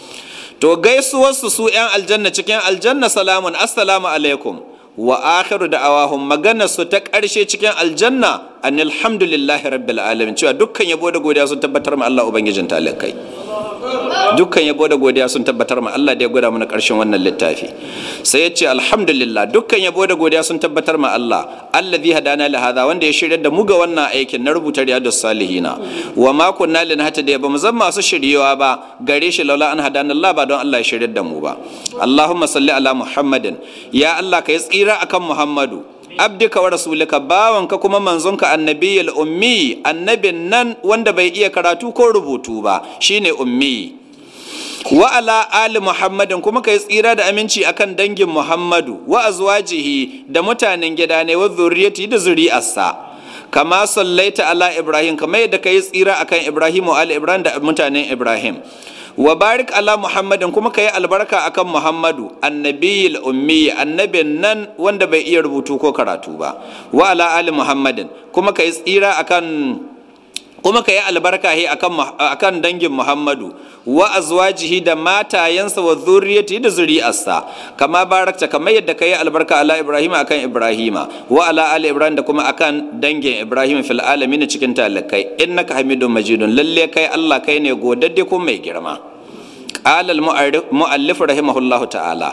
to gaisuwar su su yan aljanna cikin aljanna salamun assalamu alaikum wa akhiru da'awahum maganar su ta ƙarshe cikin aljanna an alhamdulillahi rabbil alamin cewa dukkan yabo da godiya sun tabbatar ma Allah ubangijin talakai dukkan yabo da godiya sun tabbatar ma Allah da ya gwada mana karshen wannan littafi sai ya ce alhamdulillah dukkan yabo da godiya sun tabbatar ma Allah allazi hada na lahada wanda ya shirya da mu ga wannan aikin na rubuta riyadus salihina wa ma kunna lin hata da ba mu zan masu shiryewa ba gare shi laula an hadana Allah ba don Allah ya shirya da mu ba Allahumma salli ala Muhammadin ya Allah kai yi tsira akan Muhammadu abdika wa rasulika bawanka kuma manzonka annabiyul ummi annabin nan wanda bai iya karatu ko rubutu ba shine ummi wa ala ali muhammadin kuma kai tsira da aminci akan dangin muhammadu wa azwajihi da mutanen gida ne wa zuriyati da zuri'arsa kama sallaita ala ibrahim kamar yadda kai tsira akan ibrahim wa ali ibrahim da mutanen ibrahim wa barik ala muhammadin kuma ka yi albarka akan muhammadu annabiyil ummi annabin nan wanda bai iya rubutu ko karatu ba wa ala ali muhammadin kuma ka yi tsira akan kuma ka yi albarka he akan dangin muhammadu wa azwajihi da matayensa wa zuriyati da zuri'arsa kama barakta kamar yadda ka yi albarka ala ibrahim akan ibrahima wa ala ali ibrahim da kuma akan dangin ibrahim fil alamin cikin talakai innaka hamidun majidun lalle kai allah kai ne godadde kuma mai girma قال المؤلف رحمه الله تعالى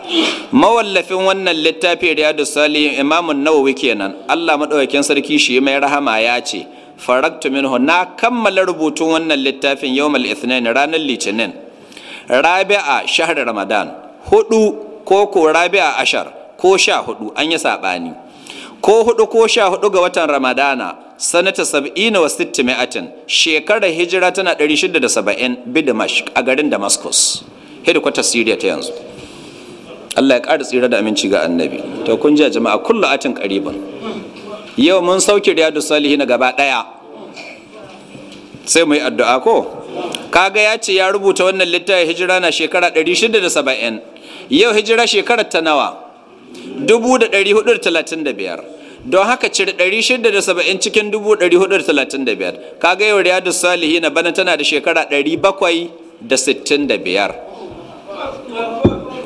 mawallafin wannan littafin riyadu salim imam an-nawawi kenan Allah madaukakin sarki shi mai rahama ya ce faraktu minhu na kammala rubutun wannan littafin yawmal ithnain ranar litinin rabi'a shahar ramadan hudu ko ko rabi'a ashar ko sha hudu an yi saɓani ko hudu ko sha hudu ga watan ramadana sanata sab'ina wa sittima'atin shekarar hijira tana 670 bidimash a garin damascus hidikwatar siriya ta yanzu allah ya ƙara tsira da aminci ga annabi to kun ji jama'a kullu atin qariban yau mun sauki riyadu na gaba daya sai mu yi addu'a ko kaga ya ce ya rubuta wannan littafin hijira na shekara 670 yau hijira shekarar ta nawa 1435 don haka cire 670 cikin 1435 kaga yau riyadu na bana tana da shekara 765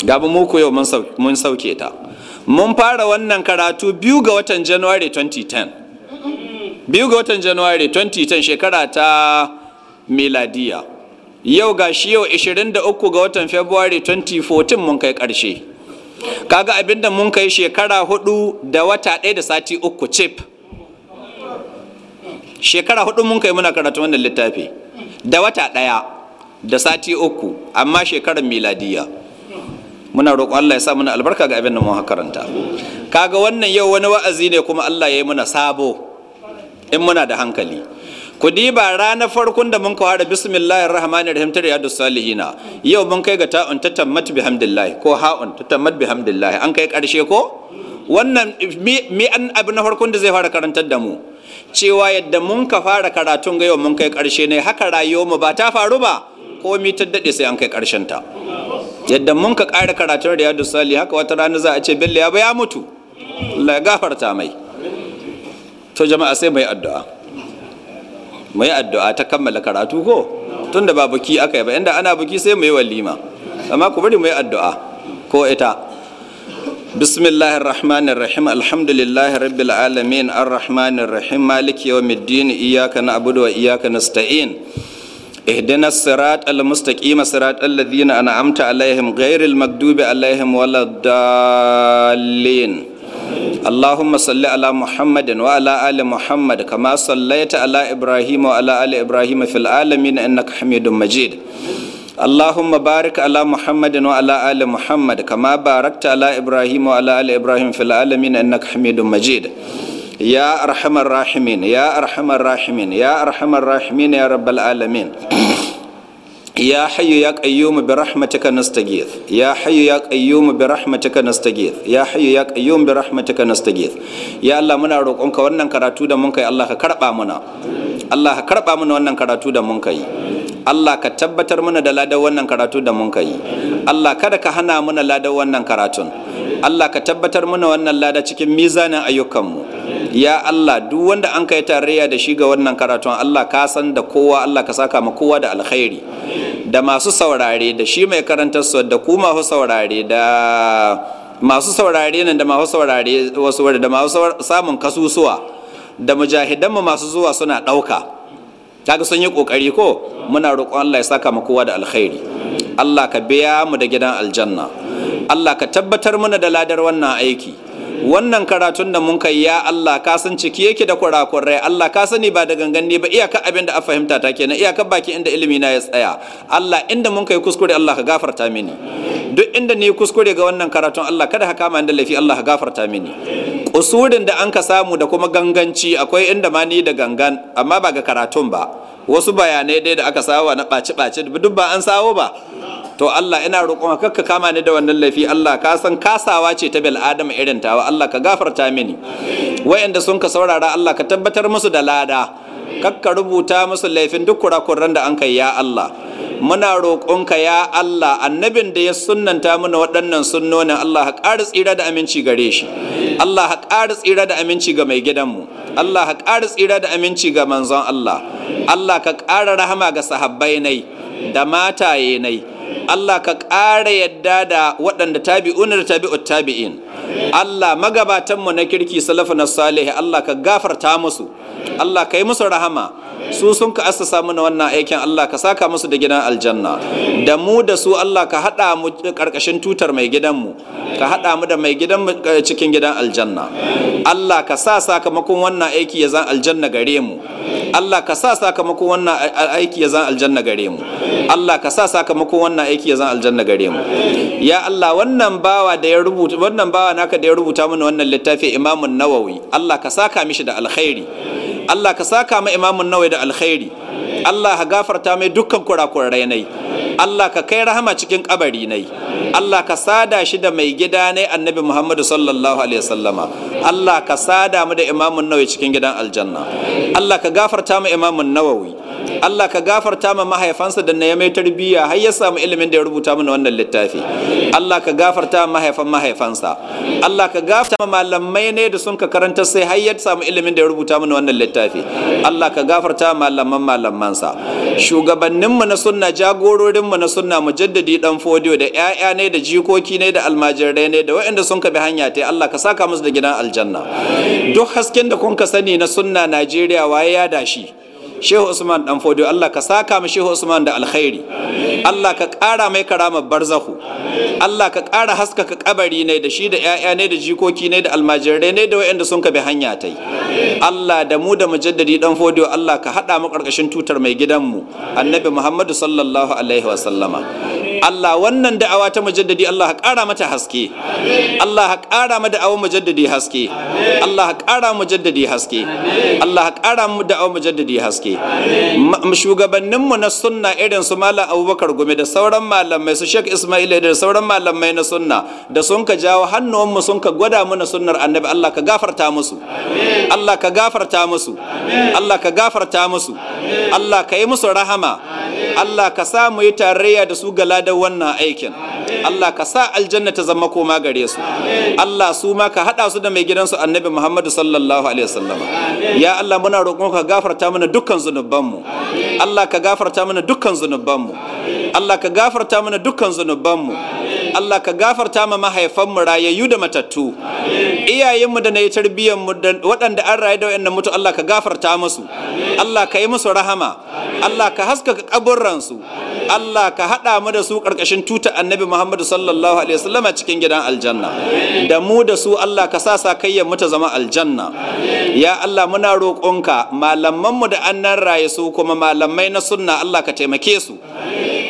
gaba muku yau mun sauke ta mun fara wannan karatu biyu ga watan Januwari 2010 biyu ga watan Januwari 2010 shekara ta miladiya yau ga shi yau 23 ga watan february 2014 mun kai karshe kaga abinda mun kai shekara hudu da wata ɗaya da sati uku cif shekara hudu mun kai muna karatu wannan littafi da wata ɗaya da sati uku amma shekarar miladiya muna roƙo Allah ya sa muna albarka ga abin da mu karanta kaga wannan yau wani wa'azi ne kuma Allah ya yi muna sabo in muna da hankali ku diba ranar farkon da mun kawo da bismillahir rahmanir rahim ta riyadus salihina yau mun kai ga ta'un ta tammat bihamdillah ko ha'un ta tammat bihamdillah an kai karshe ko wannan mi an abu na farkon da zai fara karantar da mu cewa yadda mun ka fara karatun ga yau mun kai karshe ne haka rayuwar mu ba ta faru ba komi ta daɗe sai an kai ƙarshen ta yadda mun ka ƙara karatun riyadu sali haka wata rana za a ce bello ya ya mutu la gafarta mai to jama'a sai mai addu'a mai addu'a ta kammala karatu ko tunda ba buki aka yi ba inda ana buki sai mai walima amma ku bari mai addu'a ko ita بسم الله الرحمن الرحيم الحمد لله رب العالمين الرحمن الرحيم مالك يوم الدين إياك نعبد وإياك نستعين اهدنا الصراط المستقيم صراط الذين أنعمت عليهم غير المكذوب عليهم ولا الضالين اللهم صل على محمد وعلى آل محمد كما صليت على إبراهيم وعلى آل إبراهيم في العالمين إنك حميد مجيد اللهم بارك على محمد وعلى آل محمد كما باركت على إبراهيم وعلى آل إبراهيم في العالمين إنك حميد مجيد ya arhamar rahimin ya arhamar rahimin ya arhamar rahimin ya rabbal alamin يا حي يا قيوم برحمتك نستغيث يا حي يا قيوم برحمتك نستغيث يا حي يا قيوم برحمتك نستغيث يا الله muna roƙonka wannan karatu da mun kai Allah ka karba mana Allah ka karba mana wannan karatu da mun kai Allah ka tabbatar mana da ladar wannan karatu da mun kai Allah kada ka hana mana ladar wannan karatun Allah ka tabbatar mana wannan lada cikin mizanin ayyukanmu ya Allah duk wanda an kai tarayya da shi ga wannan karatun Allah ka san da kowa Allah ka saka ma kowa da alkhairi da masu saurare da shi mai karantar da ku masu saurare da masu saurare nan da masu saurare wasu da masu samun kasusuwa da mujahidanmu masu zuwa suna ɗauka kaga sun yi kokari ko muna roƙon Allah ya saka mu kowa da alkhairi Allah ka biya mu da gidan aljanna Allah ka tabbatar mana da ladar wannan aiki wannan karatun da mun kai ya Allah ka san ciki yake da kurakurai Allah ka sani ba da gangan ne ba iyaka abin da a fahimta ta kenan iyaka baki inda ilimi na ya tsaya Allah inda mun kai kuskure Allah ka gafarta mini duk inda ni kuskure ga wannan karatun Allah kada ka kama inda laifi Allah ka gafarta mini usurin da an ka samu da kuma ganganci akwai inda ma ni da gangan amma ba ga karatun ba wasu bayanai dai da aka sawa na ɓaci-ɓaci duk ba an sawo ba to Allah ina roƙon ka kama ni da wannan laifi Allah ka san kasawa ce ta bil adam irin tawa Allah ka gafarta mini wayanda sun ka saurara Allah ka tabbatar musu da lada kakka rubuta musu laifin duk kurakuran da an kai ya Allah muna roƙonka ya Allah annabin da ya sunnanta mana waɗannan sunnonin Allah ha ƙara tsira da aminci gare shi Allah ha ƙara tsira da aminci ga mai gidanmu Allah ha ƙara tsira da aminci ga manzon Allah Allah ka ƙara rahama ga sahabbai nai da mataye nai Allah ka ƙara yadda da waɗanda tabi'una da tabi'ut tabi'in Allah magabatanmu na kirki salafu na salihi Allah ka gafarta musu Allah ka yi musu rahama su sun ka samu mana wannan aikin Allah ka saka musu da gidan aljanna da mu da su Allah ka haɗa mu karkashin tutar mai gidanmu ka haɗa mu da mai gidan eh, cikin gidan aljanna Allah ka sa sakamakon wannan aiki ya zan aljanna gare mu Allah ka sa sakamakon wannan aiki ya zan aljanna gare mu Allah ka sa sakamakon wannan aiki ya zan aljanna gare mu ya Allah wannan bawa da ya rubuta wannan bawa naka da ya rubuta mana wannan littafi Imam Nawawi Allah ka saka mishi da alkhairi Allah ka saka ma imamun nawai da alkhairi Allah ka gafarta mai dukkan kurakurai nai Allah ka kai rahama cikin kabari nai Allah ka sada shi da mai gida ne annabi Muhammadu sallallahu alaihi wasallama Allah ka sada mu da imamun nawai cikin gidan aljanna Allah ka gafarta mu imamun nawawi Allah ka gafarta ma mahaifansa da na ya mai tarbiyya har ya samu ilimin da ya rubuta mana wannan littafi Allah ka gafarta ma mahaifan mahaifansa Allah ka gafarta ma malamai ne da sun ka karanta sai har ya samu ilimin da ya rubuta mana wannan littafi Allah ka gafarta ma malaman malamansa shugabannin mu na sunna jagororin mu na sunna mujaddadi dan fodiyo da ƴaƴa ne da jikoki ne da almajirai ne da waɗanda sun ka bi hanya ta Allah ka saka musu da gidan aljanna duk hasken da kun ka sani na sunna Najeriya waye ya dashi shehu usman dan fodio allah ka saka mu shehu usman da alkhairi allah ka ƙara mai karama barzahu allah ka ƙara haskaka kabari ne da shi da 'ya'ya ne da jikoki ne da almajirai ne da wayanda sun bi hanya ta yi allah da mu da mujaddadi dan fodio allah ka haɗa mu ƙarƙashin tutar mai gidanmu annabi muhammadu sallallahu alaihi wa sallama. allah wannan da'awa ta mujaddadi allah ka ƙara mata haske allah ka ƙara mu da'awar mujaddadi haske allah ka ƙara mujaddadi haske allah ka ƙara mu da'awar mujaddadi haske shugabanninmu na sunna irin su malam abubakar gumi da sauran malamai su sheikh ismail da sauran malamai na sunna da sun ka jawo hannuwanmu sun ka gwada mana sunnar annabi allah ka gafarta musu allah ka gafarta musu allah ka gafarta musu allah ka yi musu rahama allah ka sa mu yi tarayya da su ga wannan aikin allah ka sa aljanna ta zama koma gare su allah su ma ka haɗa su da mai gidansu annabi muhammadu sallallahu alaihi wasallama ya allah muna roƙon ka gafarta mana dukkan dukkan zunubanmu Allah ka gafarta mana dukkan zunubanmu Allah ka gafarta mana dukkan zunubanmu Allah ka gafarta ma mahaifanmu rayayyu da matattu iyayenmu da na yi tarbiyyarmu waɗanda an rayu da waɗanda mutu Allah ka gafarta musu Allah ka yi musu rahama Allah ka haskaka kaburransu Allah ka haɗa mu da su ƙarƙashin tuta annabi Muhammadu sallallahu alaihi wasallam cikin gidan aljanna da mu da su Allah ka sa sa kayyar mu ta zama aljanna ya Allah muna roƙonka malamanmu da annan raye su kuma malamai na sunna Allah ka taimake su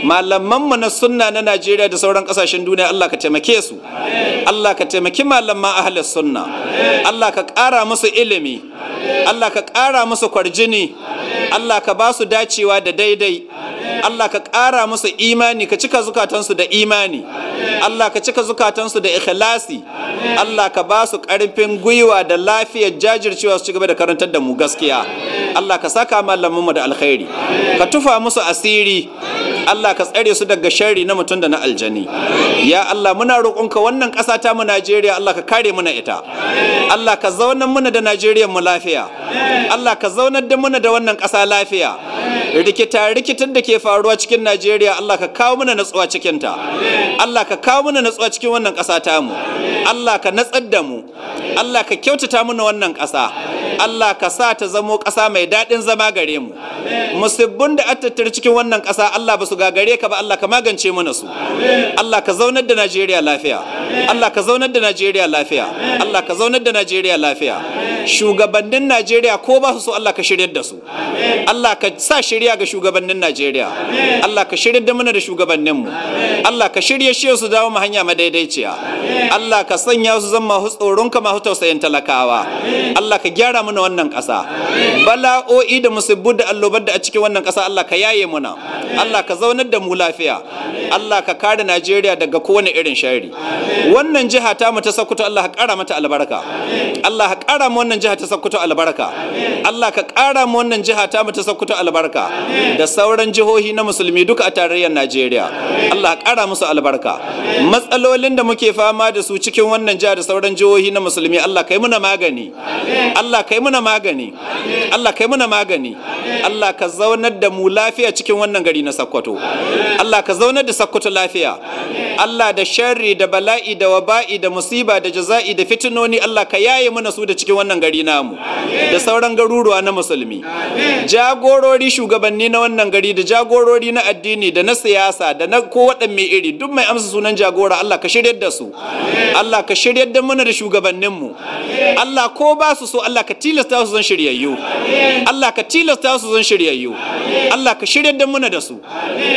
malamanmu na sunna na Najeriya da sauran ƙasashen duniya Allah ka taimake su Allah ka taimaki malama ahlus sunna Allah ka ƙara musu ilimi Allah ka ƙara musu kwarjini Allah ka ba su dacewa da daidai Allah ka ƙara musu imani ka cika zukatansu da imani Allah ka cika zukatansu da ikhlasi Allah ka ba su ƙarfin gwiwa da lafiyar jajircewa su ci gaba da karantar da mu gaskiya Allah ka saka mu da alkhairi ka tufa musu asiri Allah ka tsare su daga sharri na mutum da na aljani ya Allah muna roƙonka wannan ƙasa ta mu Najeriya Allah ka kare muna ita Allah ka zaunar muna da Najeriya mu lafiya Allah ka zaunar da muna da wannan ƙasa lafiya rikita rikitin da ke faruwa cikin Najeriya Allah ka kawo muna natsuwa cikin ta Allah ka kawo muna natsuwa cikin wannan ƙasa ta mu Allah ka natsar da mu Allah ka kyautata muna wannan ƙasa Allah ka sa ta zamo ƙasa mai daɗin zama gare mu musibbin da attattar cikin wannan ƙasa Allah ba su gagare ka ba Allah ka magance mana su Allah ka zaunar da Najeriya lafiya Allah ka zaunar da Najeriya lafiya Allah ka zaunar da Najeriya lafiya shugabannin Najeriya ko ba su so Allah ka shiryar da su Allah ka sa shirya ga shugabannin Najeriya Allah ka shiryar da muna da shugabanninmu Allah ka shirya shi su dawo mu hanya madaidaiciya Allah ka sanya su zama tsoron ka masu tausayin talakawa Allah ka gyara mana wannan ƙasa bala'o'i da musibbu da allobar da a cikin wannan ƙasa Allah ka yaye muna Allah ka zaunar da mu lafiya Allah ka kare Najeriya daga ga kowane irin shari wannan jiha ta mu ta sakkwato Allah ka ƙara mata albarka Allah ka ƙara mu wannan jiha ta sakkwato albarka Allah ka ƙara mu wannan jiha ta mu ta sakkwato albarka da sauran jihohi na musulmi duka a tarayyar Najeriya Allah ka ƙara musu albarka matsalolin da muke fama da su cikin wannan jiha da sauran jihohi na musulmi Allah kai muna magani Allah kai muna magani Allah kai muna magani Allah ka zaunar da mu lafiya cikin wannan gari na Sokoto Allah ka zaunar da Sokoto lafiya Allah da sharri da bala'i da waba'i da musiba da jaza'i da fitinoni Allah ka yaye mana su da cikin wannan gari namu da sauran garuruwa na musulmi jagorori shugabanni na wannan gari da jagorori na addini da na siyasa da na ko mai iri duk mai amsa sunan jagora Allah ka shiryar da su Allah ka shiryar da mana da shugabannin mu Allah ko ba su so Allah ka tilasta su zan shiryayyu Allah ka tilasta su zan shiryayyu Allah ka shiryar da mana da su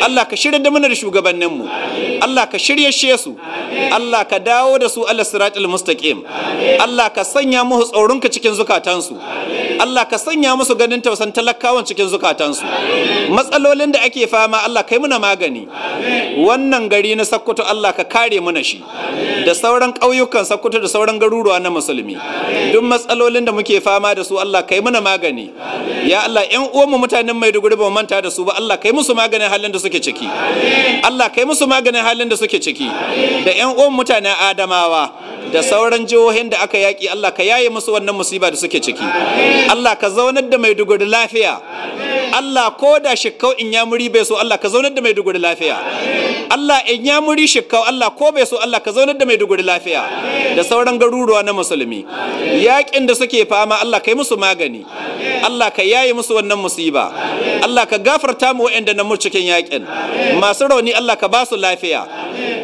Allah ka shiryar da mana da shugabannin mu Allah ka shiryar shiryashe su Allah ka dawo da su Allah siratul mustaqim Allah ka sanya musu tsoronka cikin zukatansu Allah ka sanya musu ganin tausan talakawan cikin zukatansu matsalolin da ake fama Allah kai muna magani wannan gari na Sokoto Allah ka kare muna shi da sauran ƙauyukan Sokoto da sauran garuruwa na musulmi duk matsalolin da muke fama da su Allah kai muna magani ya Allah ƴan uwanmu mutanen Maiduguri ba mu manta da su ba Allah kai musu maganin halin da suke ciki Allah kai musu maganin halin da suke ciki ciki da 'yan uwan mutanen adamawa da sauran jihohin da aka yaƙi Allah ka yaye musu wannan musiba da suke ciki Allah ka zaunar da mai Maiduguri lafiya Allah ko da shikkau in ya muri bai so Allah ka zaunar da mai Maiduguri lafiya Allah in ya muri shikkau Allah ko bai so Allah ka zaunar da mai Maiduguri lafiya da sauran garuruwa na musulmi yaƙin da suke fama Allah ka yi musu magani Allah ka yaye musu wannan musiba Allah ka gafarta mu waɗanda na mu cikin yaƙin masu rauni Allah ka ba su lafiya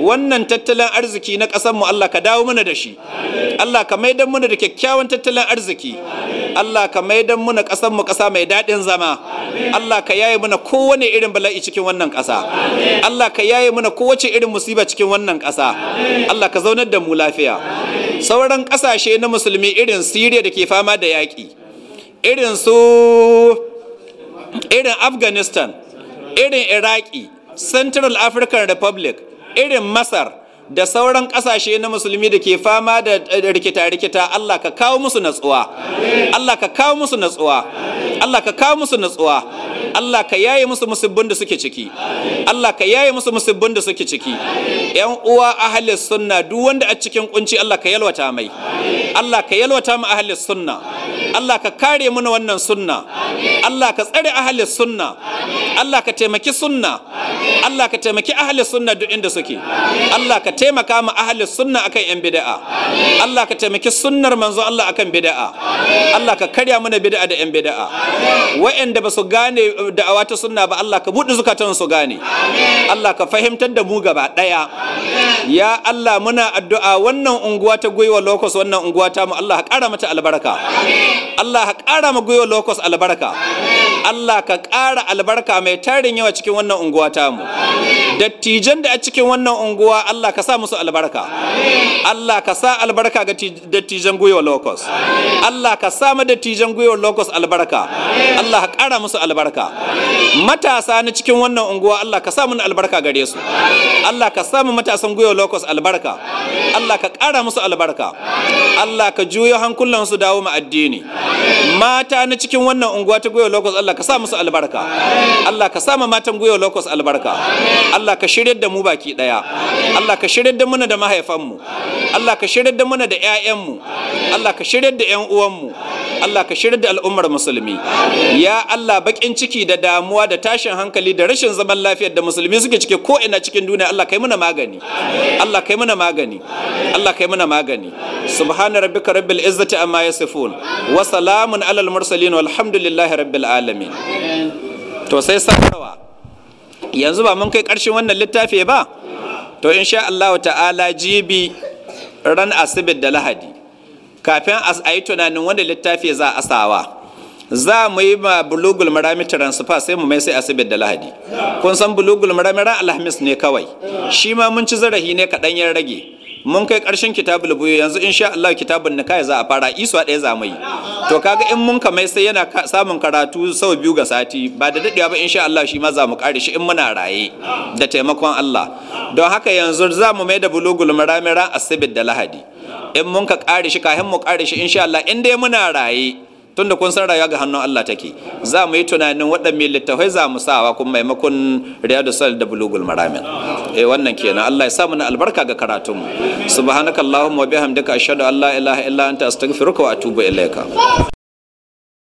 wannan tattalin arziki na ƙasarmu Allah ka dawo mana da shi Allah ka maidan mana da kyakkyawan tattalin arziki Allah ka maidan mana ƙasarmu ƙasa mai daɗin zama Allah ka yaye mana kowane irin bala'i cikin wannan ƙasa Allah ka yaye mana kowace irin musiba cikin wannan ƙasa Allah ka zaunar da mu lafiya sauran ƙasashe na musulmi irin Siriya da ke fama da yaƙi irin su irin Afghanistan irin Iraki Central African Republic irin masar da sauran ƙasashe na musulmi da ke fama da rikita-rikita Allah ka kawo musu natsuwa Allah ka kawo musu natsuwa Allah ka kawo musu natsuwa Allah ka yaye musu musibbin da suke ciki Allah ka yaye musu musibbin da suke ciki yan uwa ahli sunna duk wanda a cikin kunci Allah ka yalwata mai Allah ka yalwata mu ahli sunna Allah ka kare mana wannan sunna Allah ka tsare ahli sunna Allah ka taimaki sunna Allah ka taimaki ahli sunna duk inda suke Allah ka taimaka ma ahli sunna akan yan bid'a Allah ka taimaki sunnar manzo Allah akan bid'a Allah ka karya mana bid'a da yan bid'a wa'anda ba su gane da'awa ta sunna ba Allah ka buɗe zukatan su gane Allah ka fahimtar da mu gaba daya ya Allah muna addu'a wannan unguwa ta gwiwa lokos wannan unguwa ta mu Allah ka kara mata albarka Allah ka ƙara ma gwiwa locust albarka Allah ka ƙara albarka mai tarin yawa cikin wannan unguwa tamu dattijan da a cikin wannan unguwa Allah ka sa musu albarka Allah ka sa albarka ga dattijan gwiwa lokos Allah ka sa ma dattijan gwiwa lokos albarka Allah ka ƙara musu albarka matasa na cikin wannan unguwa Allah ka sa mun albarka gare su Allah ka sa mu matasan gwiwa lokos albarka Allah ka ƙara musu albarka Allah ka juyo hankulansu dawo ma addini mata na cikin wannan unguwa ta goyo lokos Allah ka sa musu albarka Allah ka sa ma matan goyo lokos albarka Allah ka shiryar da mu baki daya Allah ka shiryar da muna da mahaifanmu Allah ka shiryar da muna da 'ya'yanmu Allah ka shiryar da 'yan uwanmu Allah ka shiryar da al'ummar musulmi ya Allah bakin ciki da damuwa da tashin hankali da rashin zaman lafiyar da musulmi suke cike ko ina cikin duniya Allah kai muna magani Allah kai muna magani Allah kai muna magani subhana rabbika rabbil izzati amma yasifun Wasalamun alal mursalin walhamdulillahi rabbil alamin to sai saurawa yanzu ba mun kai ƙarshen wannan littafi ba to insha Allah ta'ala jibi ran asibit da lahadi kafin a yi tunanin wanda littafi za a sawa za mu yi ma bulugul marami transfer sai mu mai sai asibit da lahadi kun san bulugul marami ran alhamis ne kawai shi ma mun ci zarahi ne kaɗan yan rage mun kai ƙarshen kitabul buyu yanzu sha Allah kitabun kai za a fara isuwa ɗaya za mai to kaga in mun ka mai sai yana samun karatu sau biyu ga sati ba da daɗewa ba sha Allah shi ma za mu ƙare shi in muna raye da taimakon Allah don haka yanzu za mu mai da bulugul maramira asibit da lahadi in mun ka ƙare shi kafin mu ƙare shi insha Allah in dai muna raye tunda kun san rayuwa ga hannun Allah take za mu yi tunanin waɗanne littafai za mu sawa kuma maimakon riyadu sal da bulugul maramin eh wannan kenan Allah ya sa mana albarka ga karatun mu subhanakallahumma wa bihamdika ashhadu an la ilaha illa anta astaghfiruka wa atubu ilayka